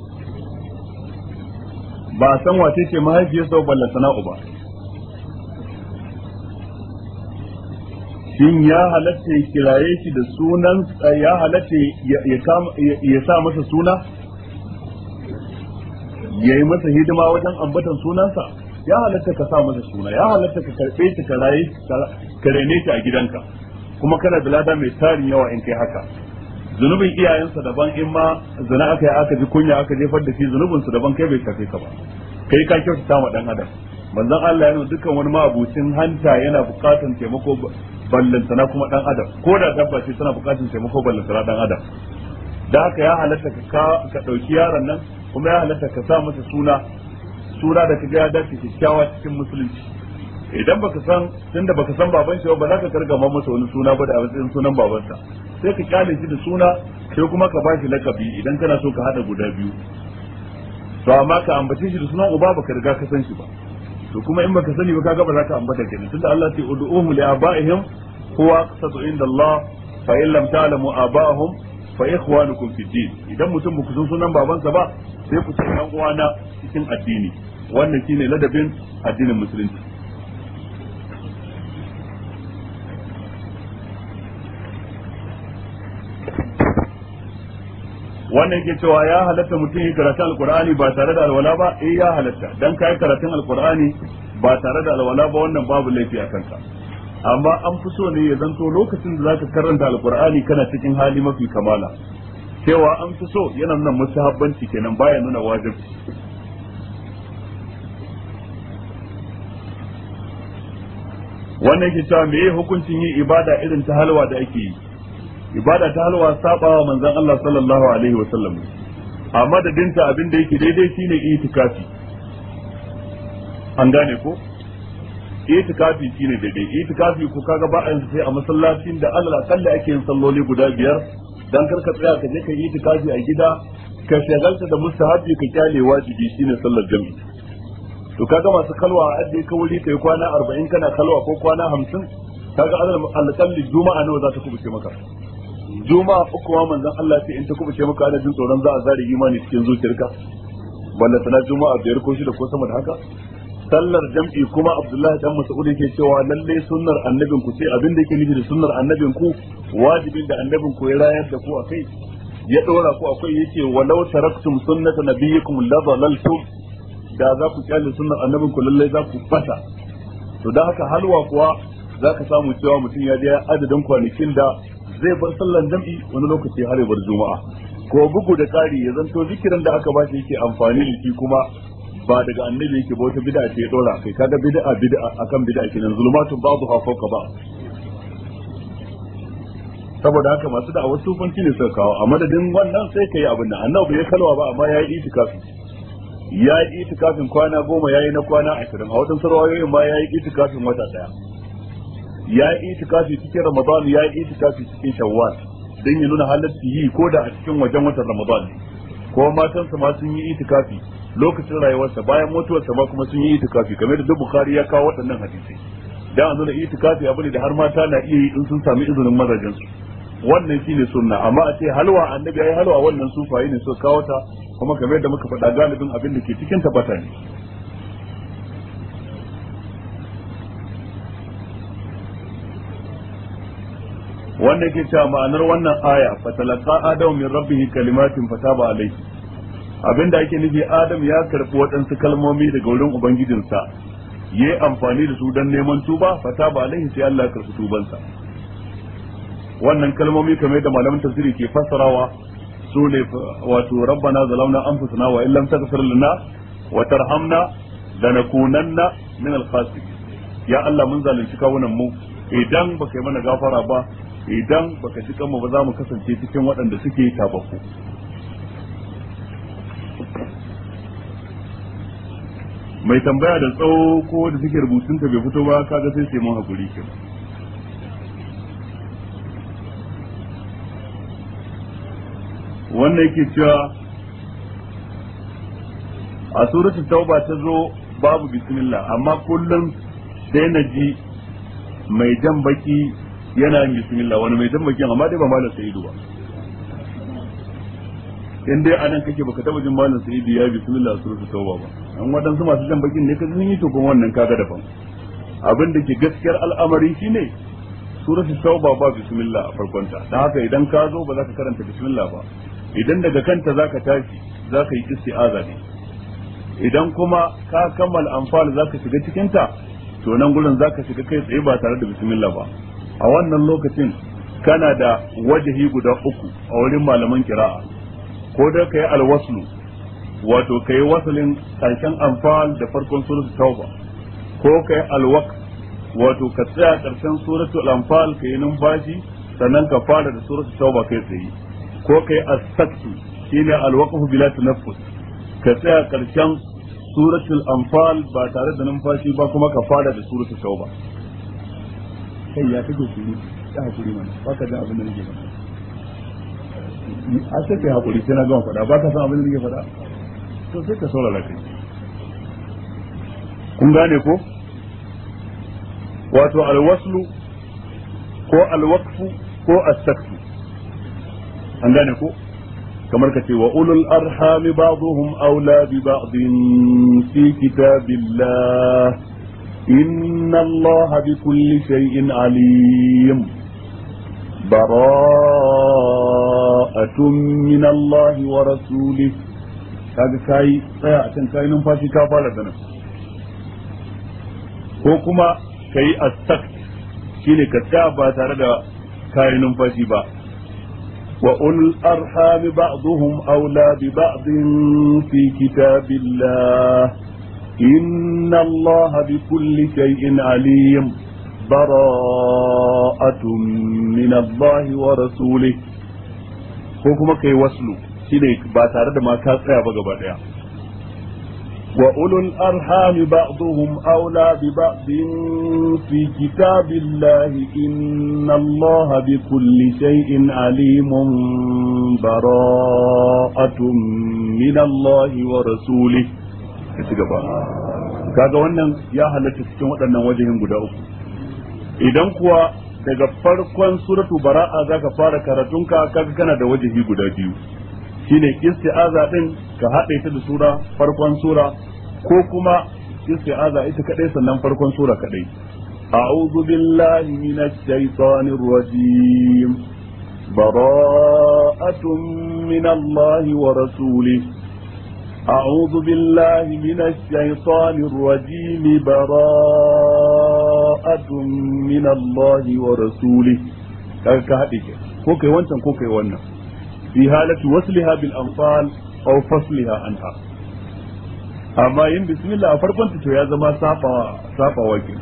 ba san wace ce mahaifiyarsa ba balla sana'u ba shin ya halatta ya kiraye shi da sunan eh, ya halatta ya sa masa suna ya yi masa hidima wajen ambatan sunansa ya halatta ka sa masa suna ya halatta ka karɓe shi ka rene shi a gidanka kuma kana da lada mai tarin yawa in kai haka zunubin iyayensa daban in ma zina aka yi aka ji kunya aka jefar da shi zunubinsu daban kai bai shafe ka ba kai ka kyautata ma dan adam manzon Allah yana dukkan wani ma'abucin hanta yana bukatan taimako ballantana kuma dan adam ko da dabba ce tana bukatun taimako ballantana dan adam da haka ya halatta ka ka dauki yaron nan kuma ya halatta ka sa masa suna suna da kaga ya dace kyakkyawa cikin musulunci idan baka san tunda baka san baban shi ba za ka kargama masa wani suna ba da abin sunan babansa sai ka kyale shi da suna sai kuma ka bashi lakabi idan kana so ka hada guda biyu to amma ka ambace shi da sunan uba baka riga ka san shi ba to kuma in baka sani ba kaga ba za ka ambata kenan tunda Allah ya ce ud'uhum li abaihim huwa aqsatu inda Allah fa in lam ta'lamu aba'ahum fa ikhwanukum fi din idan mutum ku sunan babansa ba sai ku san dan uwana cikin addini wannan shine ladabin addinin musulunci wannan yake cewa ya halatta mutum ya karatu alkur'ani ba tare da alwala ba eh ya halatta dan kai karatun alkur'ani ba tare da alwala ba wannan babu laifi a kanka amma an fi so ne ya zanto lokacin da zaka karanta alqur'ani kana cikin hali mafi kamala cewa an fi so yana nuna musahabbanci kenan baya nuna wajibi wannan ke cewa me hukuncin yin ibada irin ta halwa da ake yi ibada ta halwa sabawa manzon Allah sallallahu alaihi wasallam amma da dinta abin da yake daidai shine itikafi an gane ko itikafi shine daidai itikafi ko kaga ba a sai a masallacin da alal akalla ake yin salloli guda biyar dan karka tsaya ka je ka yi itikafi a gida ka shagalta da mustahabi ka kyale wajibi shine sallar jami'i to kaga masu kalwa a ajiye ka wuri kai kwana 40 kana kalwa ko kwana 50 kaga alal akalla juma'a nawa za ta kubuce maka juma'a uku ma manzon Allah sai in ta kubuce maka ana jin tsoron za a zare imani cikin zuciyarka balla tana juma'a biyar ko shida ko sama da haka sallar jam'i kuma abdullahi dan mas'ud yake cewa lalle sunnar annabin ku sai abin da yake nufi da sunnar annabin ku wajibin da annabin ku ya rayar da ku akai ya dora ku akai yace walau taraktum sunnata nabiyyikum la dalaltum da za ku kyale sunnar annabin ku lalle za ku fata to dan haka halwa kuwa za ka samu cewa mutum ya je adadin kwanakin da zai bar sallar jam'i wani lokaci har ya bar juma'a ko bugu da ƙari ya zanto zikirin da aka ba shi yake amfani da shi kuma ba daga annabi yake ba wata bid'a ce ya dora kai kaga bid'a bid'a akan bid'a kenan zulumatun ba'du babu fawqa ba saboda haka masu da'awar sufanci ne suka kawo a madadin wannan sai kai abin nan annabi ya kalwa ba amma yayi itikafi yayi itikafin kwana goma yayi na kwana ashirin a wadan sarwayoyin ma yayi itikafin wata daya yayi itikafi cikin ramadan yayi itikafi cikin shawwal dan ya nuna halatti yi ko da a cikin wajen watan ramadan ko matan su ma sun yi itikafi lokacin rayuwarsa bayan mutuwarsa ba kuma sun yi itikafi kamar da bukhari ya kawo waɗannan hadisai dan a nuna itikafi abu ne da har mata na iya yi in sun sami izinin mazajen su wannan shine sunna amma a ce halwa annabi yayi halwa wannan sufayi ne so kawo ta kuma kamar da muka faɗa galibin abin da ke cikin tabbata ne wanda ke cewa ma'anar wannan aya fatalaka adamu min rabbihi kalimatin fataba alayhi abinda ake nufi adam ya karbi waɗansu kalmomi daga wurin ubangijinsa ya yi amfani da su don neman tuba fata ba alaihi sai Allah ya karbi tubansa wannan kalmomi kamar da malamin tafsiri ke fassarawa su ne wato rabbana zalamna anfusana wa illam taghfir lana wa tarhamna lanakunanna min al-khasirin ya Allah mun zalunci kawunan mu idan baka yi mana gafara ba idan baka ji kanmu ba za mu kasance cikin waɗanda suke tababbu mai tambaya da tsawo ko da suke rubutun ta bai fito ba kaga sai sai mun hakuri ke wannan yake cewa a suratul tauba ta zo babu bismillah amma kullum sai na ji mai jan baki yana yin bismillah wani mai jan baki amma dai ba malam sa'idu ba in dai anan kake baka taba jin malam sa'idu ya bismillah suratul tauba ba in waɗansu masu jan bakin ne ka sun yi tukun wannan kaga daban abin da ke gaskiyar al'amari shine su sau ba bismillah a farkon ta haka idan ka zo ba za ka karanta bismillah ba idan daga kanta za ka tashi za ka yi isti'aza ne idan kuma ka kammala amfani za ka shiga cikinta to nan gurin za ka shiga kai tsaye ba tare da bismillah ba a wannan lokacin kana da wajahi guda uku a wurin malaman kira'a ko da ka yi alwaslu wato kai wasalin karshen anfal da farkon suratul tauba ko kai alwak wato ka tsaya karshen suratul anfal kai numfashi sannan ka fara da suratul tauba kai tsaye ko kai as-saktu shine alwaqfu bila tanaffus ka tsaya karshen suratul anfal ba tare da numfashi ba kuma ka fara da suratul tauba kai ya kake shiri ta hakuri mana ba ka da abin da nake faɗa a sai hakuri sai na gama faɗa ba ka san abin da nake faɗa to sai ka saurara kai kun gane ko wato alwaslu ko alwaqfu ko as an gane ko kamar ka ce wa ulul arham ba'dhum awla bi ba'din fi kitabillah inna allaha bi kulli shay'in alim براءة من الله ورسوله kaga kayi tsaya a can yi numfashi ka fara da nan ko kuma kayi astak ne ka tsaya ba tare da yi numfashi ba wa ulul arham ba'dhum awla bi ba'dhin fi kitabillah inna allaha bi kulli shay'in alim براءة من الله ورسوله ko kuma kai waslu shine ba tare da ma tsaya ba gaba daya wa ulul arhami ba'dhum aula bi ba'din fi kitabillahi inna allaha bi kulli shay'in alimun bara'atun min allahi wa rasulihi ci gaba kaga wannan ya halatta cikin waɗannan wajehin guda uku idan kuwa daga farkon suratu bara'a zaka fara karatunka kaga kana da wajehi guda biyu shine isti'aza din ka haɗe ta da sura farkon sura ko kuma isti'aza ita kadai sannan farkon sura kadai أعوذ بالله من الشيطان الرجيم براءة من الله ورسوله أعوذ بالله من الشيطان الرجيم براءة من الله ورسوله ko كهديك كوكي ko كوكي وانتم fi halati wasliha bil anfal aw fasliha anha amma yin bismillah a farkon ta to ya zama safawa safawa ke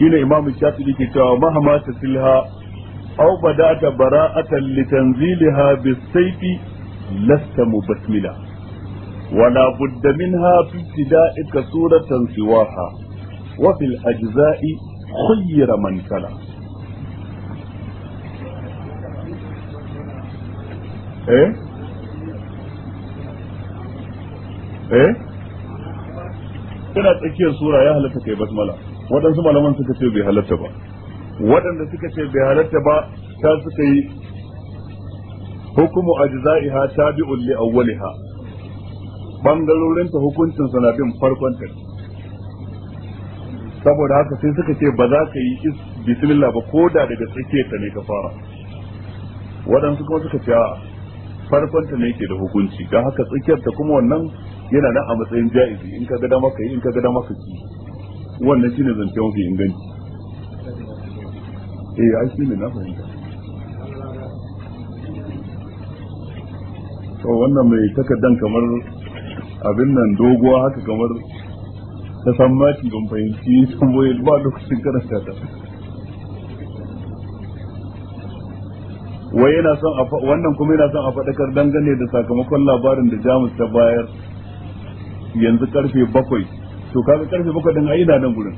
shine imamu shafi'i ke cewa mahama tasilha aw bada'ata bara'atan litanzilha bis sayfi lasta mubasmila ولا بد منها في ابتدائك سورة سواها وفي الأجزاء خير من كلا eh eh kana tsakiyar sura ya halatta kai basmala waɗansu malaman suka ce bai halatta ba waɗanda suka ce bai halatta ba ta suka yi hukumu ajza'iha tabi'un li awwaliha bangarorin ta hukuncin suna bin farkon ta saboda haka sai suka ce ba za ka yi bismillah ba ko da daga tsakiyar ta ne ka fara waɗansu kuma suka ce a. farkon ta ne yake da hukunci don haka tsakiyar ta kuma wannan yana nan a matsayin ja'izi in ka ga dama yi in ka ga dama ka ki wannan shine zance mafi inganci eh ai ne na fahimta to wannan mai takardan kamar abin nan doguwa haka kamar ta san ban fahimci tambayoyin ba lokacin karanta ta wai yana son wannan kuma yana son a faɗakar dangane da sakamakon labarin da Jamus ta bayar yanzu karfe bakwai to kaga karfe bakwai din ayi da nan gurin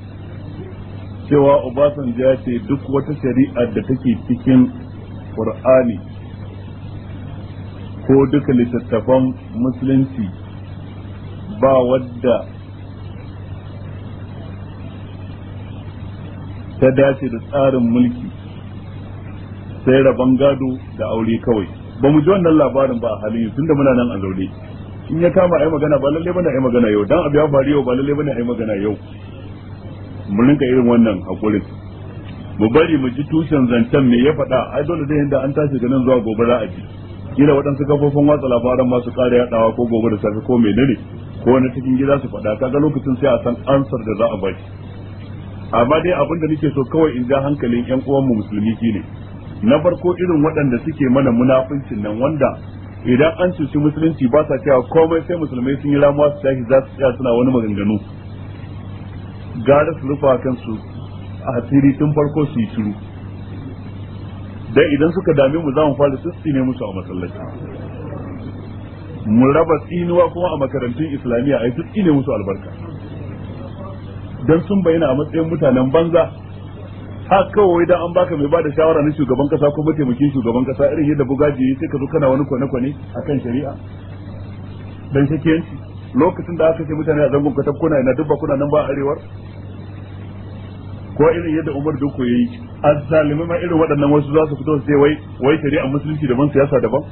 cewa ubasan ya ce duk wata shari'a da take cikin Qur'ani ko duka littattafan musulunci ba wadda ta dace da tsarin mulki sai rabon gado da aure kawai ba mu ji wannan labarin ba a halin tunda muna nan a zaune in ya kama ai magana ba lalle bane ai magana yau dan abu ya faru yau ba lalle bane ai magana yau mu rinka irin wannan hakurin mu bari mu ji tushen zancen me ya faɗa ai dole dai inda an tashi ganin zuwa gobe za a ji kila waɗansu kafofin watsa labaran masu ƙara yaɗawa ko gobe da safe ko menene ko wani cikin gida su faɗa kaga lokacin sai a san ansar da za a baki amma dai abin da nake so kawai in ja hankalin yan mu musulmi ne. na farko irin waɗanda suke mana munafincin nan wanda idan an cuci musulunci ba sa cewa komai sai musulmai sun yi ramuwa su tashi za su tsaya suna wani maganganu gara su rufa kansu a asiri tun farko su yi turu dan idan suka dame mu za mu fara sissi ne musu a masallaci mu raba tsinuwa kuma a makarantun islamiyya a yi sissi ne musu albarka dan sun bayyana a matsayin mutanen banza haka kawai da an baka mai bada shawara na shugaban kasa ko mataimakin shugaban kasa irin yadda bugaji sai ka zo kana wani kwane-kwane akan shari'a dan shakiyanci lokacin da aka ce mutane a zangon katab kuna ina dubba kuna nan ba arewar ko irin yadda Umar yi yayi azzalimi ma irin waɗannan wasu za su fito su wai wai shari'a musulunci daban siyasa daban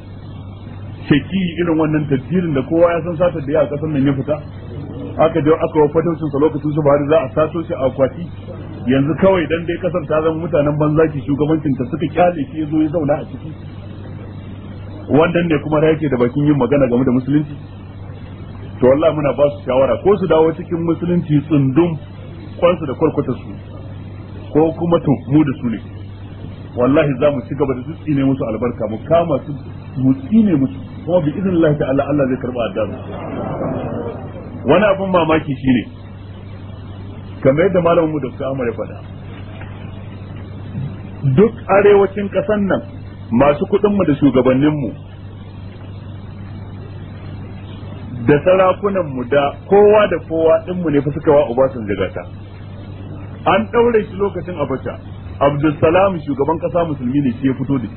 sheki irin wannan tafsirin da kowa ya san satar da ya a kasan nan ya fita aka je aka wafatar sun lokacin su bari za a sato shi a kwati yanzu kawai dan dai kasar ta zama mutanen banza ki shugabancin ta suka kyale shi yazo ya zauna a ciki wannan ne kuma da da bakin yin magana game da musulunci to wallahi muna ba su shawara ko su dawo cikin musulunci tsundum kwansu da kwarkwata su ko kuma to mu da su ne wallahi za mu ci gaba da su tsine musu albarka mu kama su mu tsine musu kuma bi idin Allah ta'ala Allah zai karba addu'a wani abun mamaki shine kamar yadda malamin mu da amare faɗa duk arewacin ƙasan nan masu mu da shugabanninmu da sarakunanmu da kowa da kowa ɗinmu ne fa suka wa ubasan jigata an ɗaure shi lokacin abacha abdulsalam shugaban ƙasa musulmi ne shi ya fito da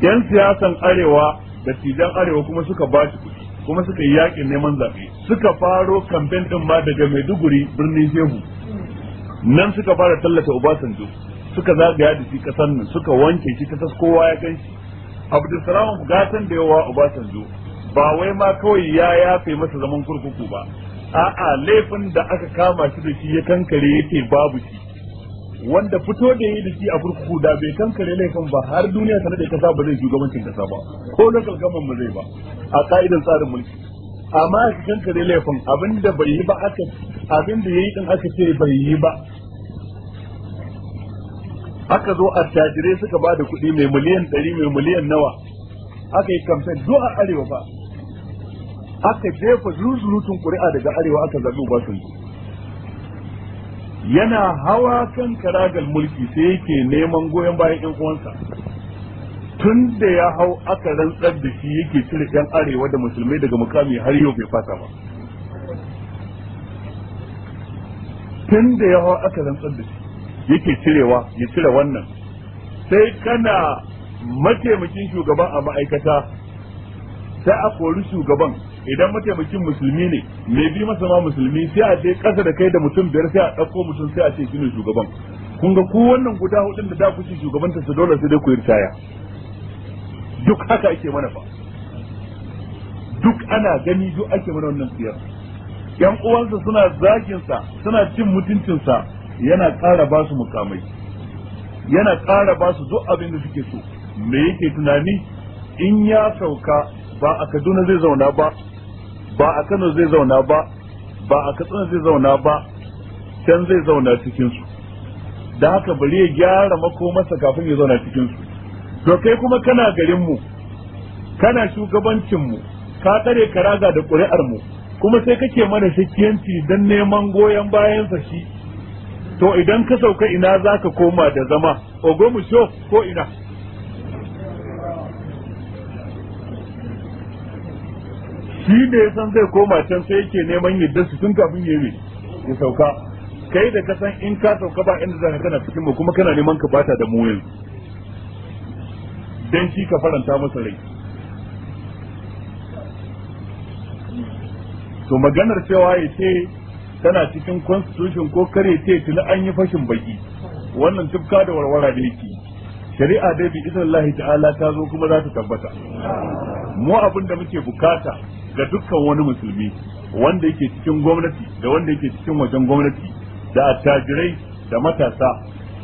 yan siyasan arewa da tijan arewa kuma suka ba shi kuɗi kuma suka yi yakin neman zaɓe suka faro kamfen ɗin ma daga maiduguri birnin shehu nan suka fara tallata obasanjo suka zagaya da shi kasan nan suka wanke shi ta kowa ya gan shi abdulsalam gatan da yawa obasanjo ba wai ma kawai ya yafe masa zaman kurkuku ba a'a laifin da aka kama shi da shi ya kankare yake babu shi wanda fito da yi da shi a kurkuku da bai kare laifin ba har duniya sanar da kasa ba zai shugabancin kasa ba ko na kalgaman ba zai ba a ka'idan tsarin mulki amma a kare laifin abinda bai yi ba aka abinda yayi din aka ce bai yi ba aka zo a tajire suka ba da kuɗi mai miliyan ɗari mai miliyan nawa aka yi kamfen duk a arewa ba aka jefa zuzurutun ƙuri'a daga arewa aka zaɓi ba su yana hawa kan karagal mulki sai yake neman goyon bayan yan uwansa tun da ya hau aka rantsar da shi yake cire yan arewa da musulmai daga mukami har yau bai fata ba tun da ya hau aka rantsar da shi yake cirewa ya cire wannan sai kana mataimakin shugaban a ma'aikata sai a kori shugaban idan mataimakin musulmi ne mai bi masa ma musulmi sai a je kasa da kai da mutum biyar sai a ɗauko mutum sai a ce ne shugaban kun ga ku wannan guda hudun da da ku ci shugabanta su dole sai dai ku ritaya duk haka ake mana fa duk ana gani duk ake mana wannan siyar yan uwansa suna zagin sa suna cin mutuncin sa yana ƙara ba su mukamai yana ƙara ba su duk abin da suke so me yake tunani in ya sauka ba a Kaduna zai zauna ba ba a Kano zai zauna ba ba a Katsina zai zauna ba can zai zauna cikin da haka bari ya gyara mako masa kafin ya zauna cikin su to kai kuma kana garin mu kana shugabancin mu ka tsare karaga da ƙuri'ar mu kuma sai kake mana shakiyanci don neman goyon bayansa shi to idan ka sauka ina za ka koma da zama ogo mu sho ko ina shi ne ya san zai koma can sai yake neman yadda su tun kafin ya yi ya sauka kai da ka in ka sauka ba inda zaka kana cikin mu kuma kana neman ka bata da mu Don shi ka faranta masa rai to maganar cewa ya ce tana cikin constitution ko kare ce tuni an yi fashin baki wannan tufka da warwara da yake shari'a dai bi izinin Allah ta'ala ta zo kuma za ta tabbata mu abin da muke bukata ga dukkan wani musulmi wanda yake cikin gwamnati da wanda yake cikin wajen gwamnati da attajirai da matasa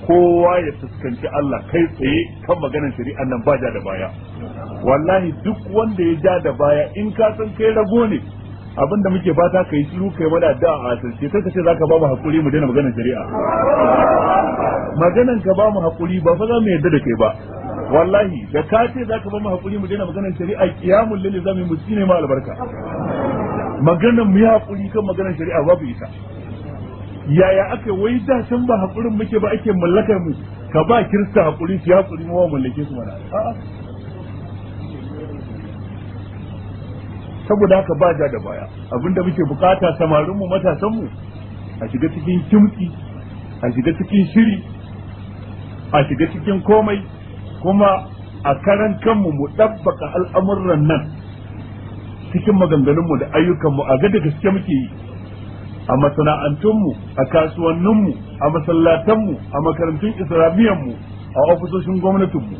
kowa ya fuskanci Allah kai tsaye kan maganar shari'an nan ba ja da baya wallahi duk wanda ya ja da baya in ka san kai rago ne abinda muke fata kai shiru kai mada da a asirce sai ka ce zaka ba mu hakuri mu daina maganar shari'a Maganar ka ba mu hakuri ba fa za mu yarda da kai ba wallahi da ka ce za ka ba mu haƙuri mu daina maganar shari'a kiyamun lalle za mu yi mu albarka maganar mu ya haƙuri kan maganar shari'a babu ita yaya aka wai da san ba haƙurin muke ba ake mallakar mu ka ba kirista haƙuri su haƙuri mu mallake su mana a'a saboda haka ba da baya abinda muke bukata samarin mu matasan mu a shiga cikin kimki a shiga cikin shiri a shiga cikin komai kuma a karan kanmu mu ɗabbaka al'amuran nan cikin maganganunmu da ayyukanmu a gada gaske muke yi a masana'antunmu a kasuwanninmu a masallatanmu a makarantun islamiyanmu a ofisoshin gwamnatinmu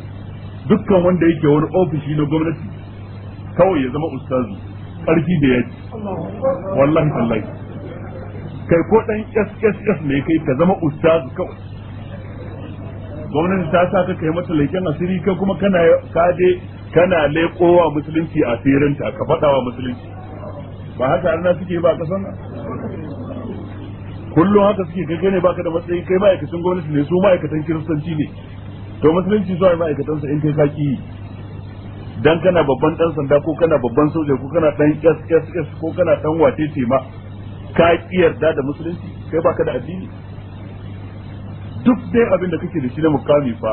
dukkan wanda yake wani ofishi na gwamnati kawai ya zama ustazu ƙarfi da yaji wallahi tallahi kai ko ɗan sss ne kai ka zama ustazu kawai gwamnati ta sa ka kai mata laikin asiri kai kuma kana kaje kana lekowa musulunci a firinta ka wa musulunci ba haka arna suke ba kasan nan kullum haka suke kai ne baka da matsayi kai ma'aikacin gwamnati ne su ma'aikatan kiristanci ne to musulunci zuwa ma'aikatansa in kai saki dan kana babban dan sanda ko kana babban soja ko kana dan SSS ko kana dan wace ce ma ka yarda da musulunci kai baka da addini duk dai abin da kake da shi na mukami fa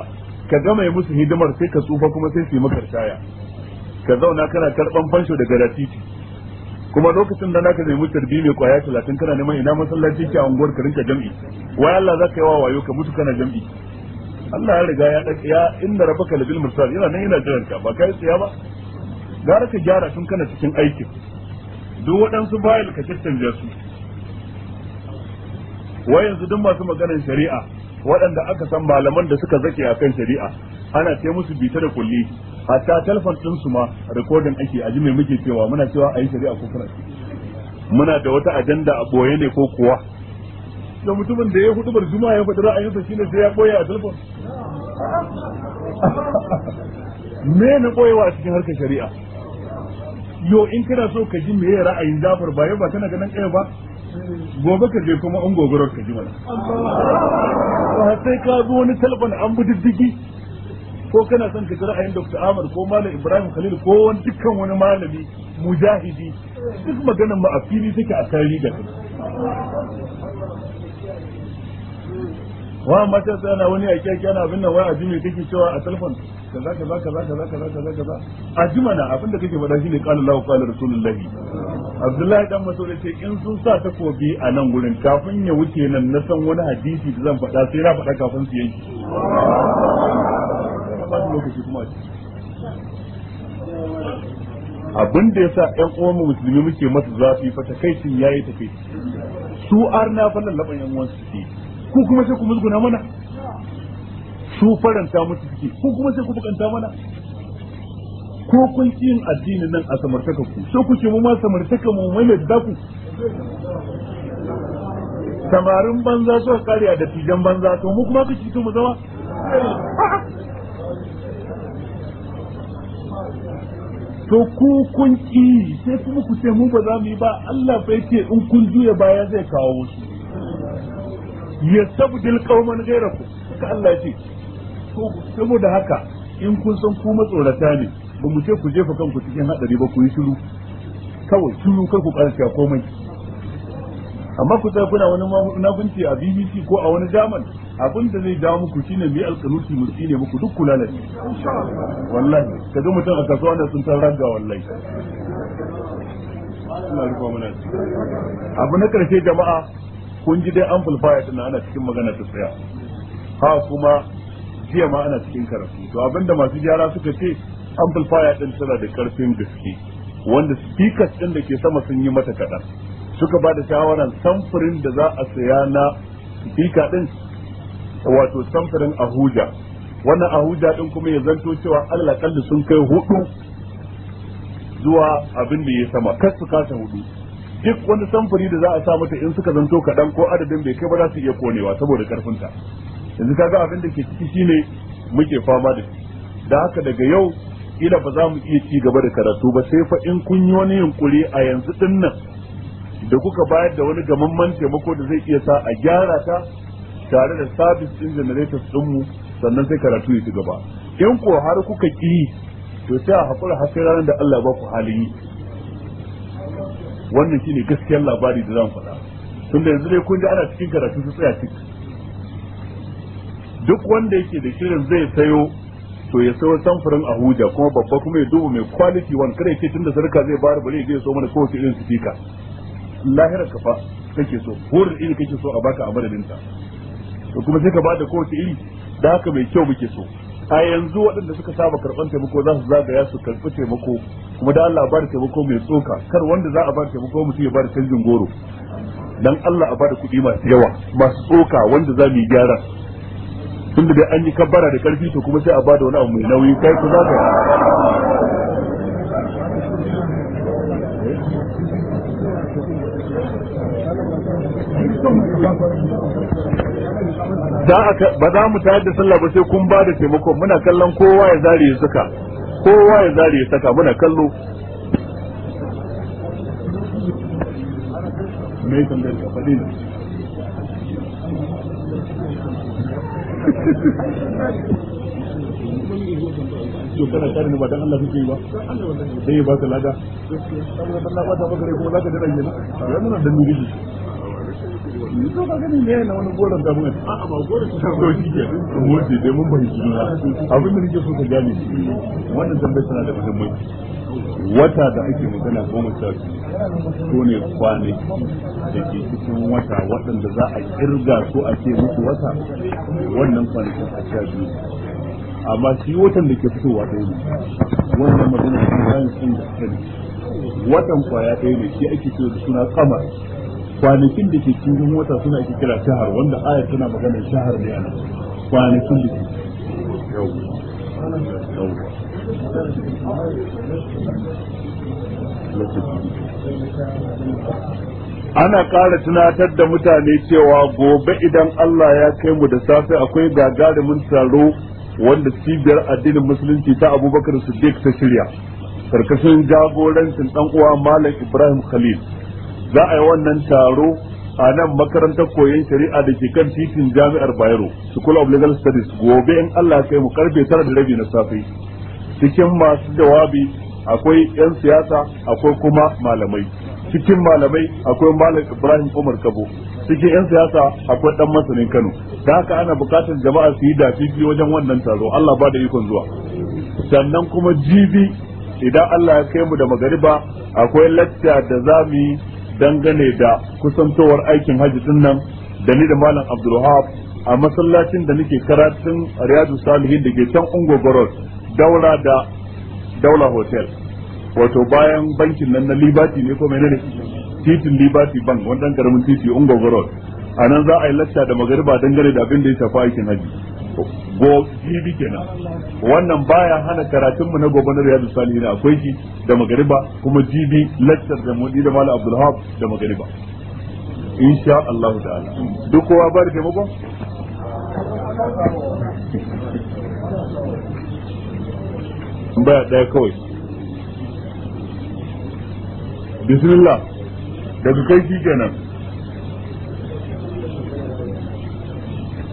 ka gama ya musu hidimar sai ka tsufa kuma sai su yi maka shaya ka zauna kana karban fansho daga latiti kuma lokacin da naka nemi tarbi mai kwaya talatin kana neman ina masallaci ke a unguwar ka rinka jam'i wai Allah za ka yi wa wayo ka mutu kana jam'i Allah ya riga ya ya inna rabbaka labil mursal yana nan yana jiran ka ba kai tsaya ba gara ka gyara tun kana cikin aikin duk waɗansu bayil ka cancanta su wai yanzu duk masu maganar shari'a waɗanda aka san malaman da suka zake a kan shari'a ana ce musu bita da kulli hatta telefon ɗin su ma rikodin ake aji mai muke cewa muna cewa a yi shari'a ko kuna muna da wata ajanda a boye ne ko kuwa da mutumin da ya hudu bar juma'a ya faɗi shi shine sai ya boye a telefon me na boyewa a cikin harkar shari'a yo in kana so ka ji meye ra'ayin Jafar ba yau ba kana ganin kai ba gobe ka je kuma an gogoro ka ji mana sai ka bi wani talban an bi diddigi ko kana son ka jira ra'ayin Dr. Ahmad ko Malam Ibrahim Khalil ko wani dukkan wani malami mujahidi duk maganar ma a fili take a kari ta. wa amma sai tsana wani a kyakkyar abin nan wai a jimi kake cewa a telefon kaza kaza kaza kaza kaza kaza kaza a jima na abin da kake faɗa shine qala Allahu qala rasulullahi Abdullahi dan Mas'ud ce in sun sa takobi a nan gurin kafin ya wuce nan na san wani hadisi da zan faɗa sai na faɗa kafin su yanki lokaci kuma abin da yasa ƴan uwan musulmi muke masa zafi fa takaicin yayi takaici su arna fa lallaban yan uwan su ke ko kuma sai ku musguna mana su faranta musu suke ko kuma sai ku bukanta mana ko kun yin addinin nan a samartaka ku so ku ce mu ma samartaka mu mai da ku samarin banza so kariya da tijan banza to mu kuma ci to mu zama to ku kun ki sai kuma ku ce mu ba za mu yi ba Allah bai ce in kun juya baya zai kawo wasu yastabdil qauman ghayrakum haka Allah ya ce to saboda haka in kun san ku matsorata ne ba mu ce ku jefa kanku cikin hadari ba ku yi shiru kawai shiru kar ku karanta komai amma ku sai kuna wani nagunci a BBC ko a wani jaman abin da zai dawo muku shine mai alƙalusi mu shine muku duk kula da shi wallahi ka ga mutum a kasuwa da sun san ragga wallahi abu na karshe jama'a kun ji dai an fulfaya tunan ana cikin magana ta tsaya ha kuma jiya ma ana cikin karatu to abinda masu gyara suka ce an fulfaya din tana da karfin gaske wanda speakers din da ke sama sun yi mata kaɗan suka ba da shawaran samfurin da za a saya na speaker din wato samfurin ahuja wannan ahuja din kuma ya zanto cewa alal sun kai hudu zuwa abin da ya sama kasu kasa hudu duk wani samfuri da za a sa mata in suka zanto kaɗan ko adadin bai kai ba za su iya konewa saboda karfinta yanzu kaga abin da ke ciki shine muke fama da shi da haka daga yau ila ba za mu iya ci gaba da karatu ba sai fa in kun yi wani yunkuri a yanzu din nan da kuka bayar da wani gamamman taimako da zai iya sa a gyara ta tare da sabis din generators dinmu sannan sai karatu ya ci gaba in ko har kuka ki to sai a haƙura har sai ranar da Allah ba ku halin yi wannan shine gaskiyar labari da zan faɗa tunda yanzu dai kun ji ana cikin karatu su tsaya cikin duk wanda yake da shirin zai sayo to ya sayo samfurin ahuja kuma babba kuma ya duba mai quality one kada ce tunda sarka zai bayar bare zai so mana kowace irin speaker lahira ka fa kake so horin iri kake so a baka a madadin to kuma sai ka bada kowace iri da haka mai kyau muke so a yanzu waɗanda suka saba karɓar taimako za su zagaya su karɓi taimako kuma da Allah ba da taimako mai tsoka kar wanda za a ba da taimako mutum ya ba da canjin goro dan Allah a ba da kuɗi masu yawa masu tsoka wanda za mu yi gyara tunda dai an yi kabbara da karfi to kuma sai a ba da wani abu mai nauyi kai ku za ka Thank ba za mu tayar da sallah ba sai kun ba da taimako muna kallon kowa ya zare ya saka kowa ya zare ya saka muna kallo mai tambayar ka fadi ne to kana ne ba dan Allah yi ba sai ba baka lada sai Allah ta lada ta baka kuma zaka dana yana muna da ni da mun ba tana da wata da ake magana goma sha biyu ne kwanaki da ke cikin wata waɗanda za a kirga ko a ce musu wata wannan kwanakin a sha biyu amma shi watan da ke fitowa ɗaya ne wannan magana cikin bayan sun da watan kwaya ɗaya ne shi ake cewa da suna kamar kwanakin da ke cikin wata suna ake kira shahar wanda ayar tana magana shahar ne a nan kwanakin da ke ana ƙara tunatar da mutane cewa gobe idan Allah ya kai mu da safe akwai gagarumin taro wanda cibiyar addinin musulunci ta abubakar siddiq ta shirya karkashin jagorancin dan uwa malam ibrahim khalil za a yi wannan taro a nan makarantar koyon shari'a da ke kan titin jami'ar bayero school of legal studies gobe in allah kai mu karfe tara da rabi na safe cikin masu jawabi akwai 'yan siyasa akwai kuma malamai cikin malamai akwai malam ibrahim umar kabo cikin 'yan siyasa akwai dan masanin kano da haka ana bukatar jama'a su yi dafi wajen wannan taro allah ba da ikon zuwa sannan kuma jibi idan allah ya kai mu da magariba akwai lacca da za mu yi dangane da kusantowar aikin hajji din nan da ni da malam Abdulwahab a masallacin da nake karatun Riyadu Salihin da ke can Ungogorod daura da Daula Hotel wato bayan bankin nan na Liberty ne ko menene titin Liberty Bank wannan karamin titi Ungogorod a nan za a yi lacca da magariba dangane da abin da ya tafi aikin hajji go jibi kenan wannan baya hana karatun mu na gobe na riyadu salihin akwai shi da magariba kuma jibi lecture da mudi da malam abdul hab da magariba insha Allah ta'ala duk kowa ba da taimako baya daya kawai bismillah daga kai shi kenan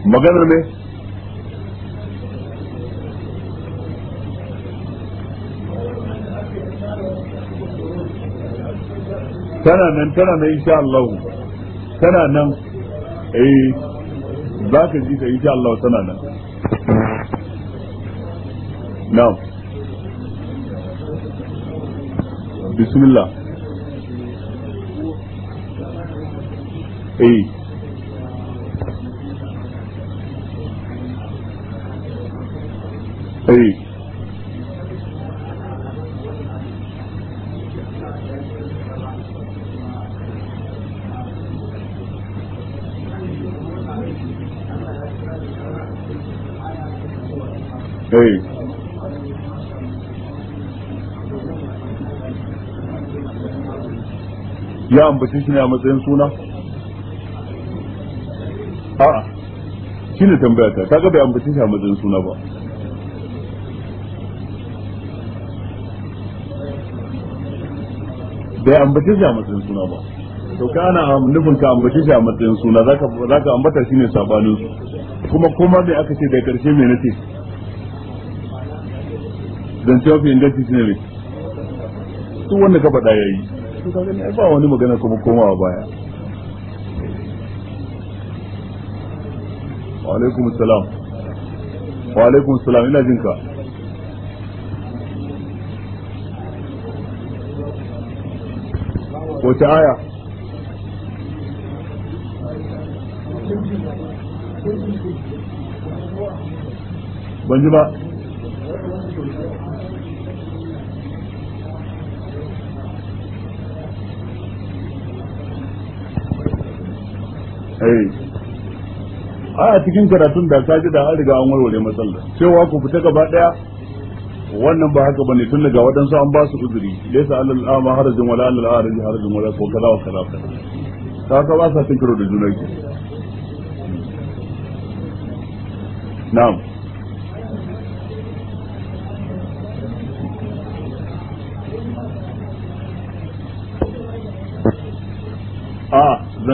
maganar ne tana nan tana nan insha Allah tana nan eh za ka ji ta insha Allah tana nan na'am bismillah eh ya ambace shi ne a matsayin suna a'a ne tambaya ta kaga bai ambace shi a matsayin suna ba bai ambace shi a matsayin suna ba to ka ana nufin ka ambace shi a matsayin suna za ka ambata ne sabanin su kuma koma mai aka ce da karshe me nace don cewa fi inganci shi ne su wanda ka faɗa yi su ka gani ba wani magana kuma komawa baya wa alaikum salam wa alaikum salam ina jinka ka wace aya ban ji ba Eh. a cikin karatun da ta ji da an riga an warware matsalar cewa ku fita gaba daya wannan ba haka bane tun daga waɗansu an ba su uzuri laysa alal ama harajin wala alal harajin harajin wala ko kaza wa kaza ka ka ba sa cin da juna ke na'am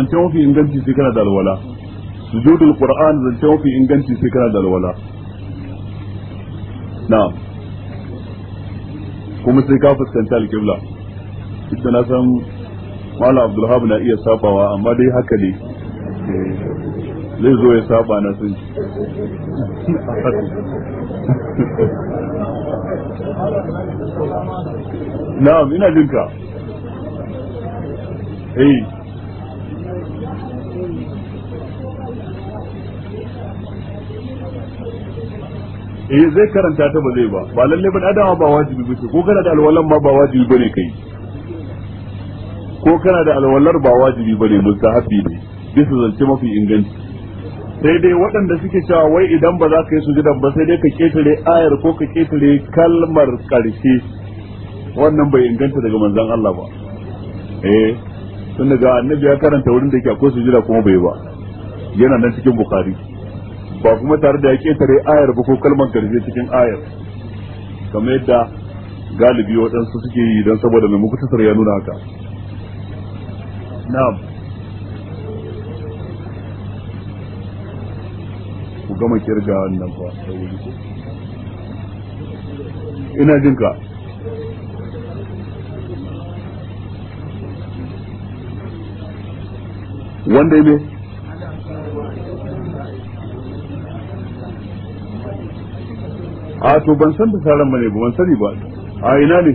zance mafi inganci sai kana da alwala sujudul qur'an zance mafi inganci sai kana da alwala na'am kuma sai ka fuskanta alqibla ita na san malam abdulhab na iya sabawa amma dai haka ne zai zo ya saba na sun na'am ina jinka eh eh zai karanta ta ba zai ba ba lalle ba adama ba wajibi ba ce ko kana da alwalan ma ba wajibi bane kai ko kana da alwalar ba wajibi bane mustahabi ne bisa zance mafi inganci sai dai waɗanda suke cewa wai idan ba za ka yi sujudan ba sai dai ka ketare ayar ko ka ketare kalmar ƙarshe wannan bai inganta daga manzon Allah ba eh tun daga annabi ya karanta wurin da yake akwai sujuda kuma bai ba yana nan cikin bukhari ba kuma tare da ya ketare ayar ba ko kalmar garje cikin ayar kamar yadda galibi waɗansu suke yi don saboda mai mukutasar ya nuna haka na'am ku gama kirga wannan ba ina wanda ne a to ban san da taron bane ba ban sani ba a ina ne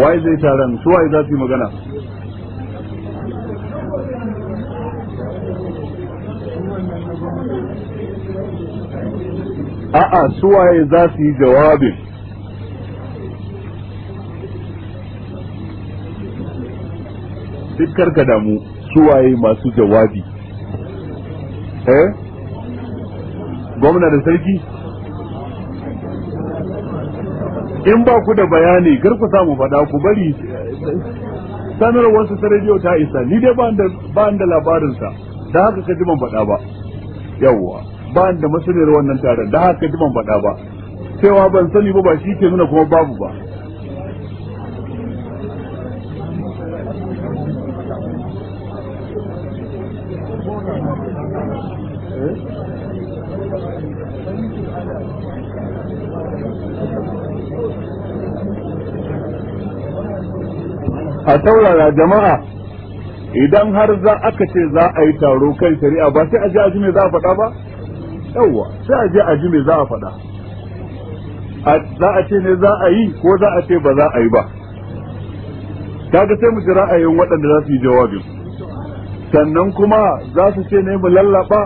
wai zai taron su wai za su yi magana a'a waye za su yi jawabin duk karka damu su waye masu jawabi eh gwamna da sarki in ba ku da bayani kar ku samu faɗa ku bari sanarwar su ta rediyo ta isa ni dai ba da da labarin sa da haka ka ji fada ba yawwa ba da masaniyar wannan taron da haka ka ji ban ba cewa ban sani ba ba shi ke nuna kuma babu ba a saurara jama'a idan har za aka ce za a yi taro kan shari'a ba sai a ji aji me za a faɗa ba yawwa sai a ji aji me za a faɗa za a ce ne za a yi ko za a ce ba za a yi ba kaga sai mu ji ra'ayin waɗanda za su yi jawabin sannan kuma za su ce ne mu lallaba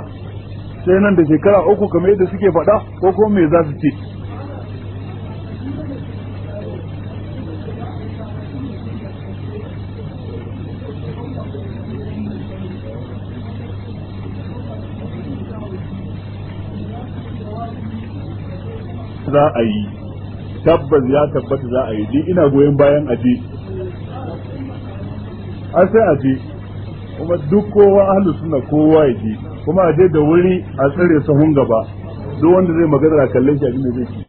sai nan da shekara uku kamar yadda suke faɗa ko kuma me za su ce za a yi tabbas ya tabbata za a yi ni ina goyon bayan aji a sai aji kuma duk kowa ahlu suna kowa ya ji kuma aje da wuri a tsare sahun gaba duk wanda zai magana kalle shi a da zai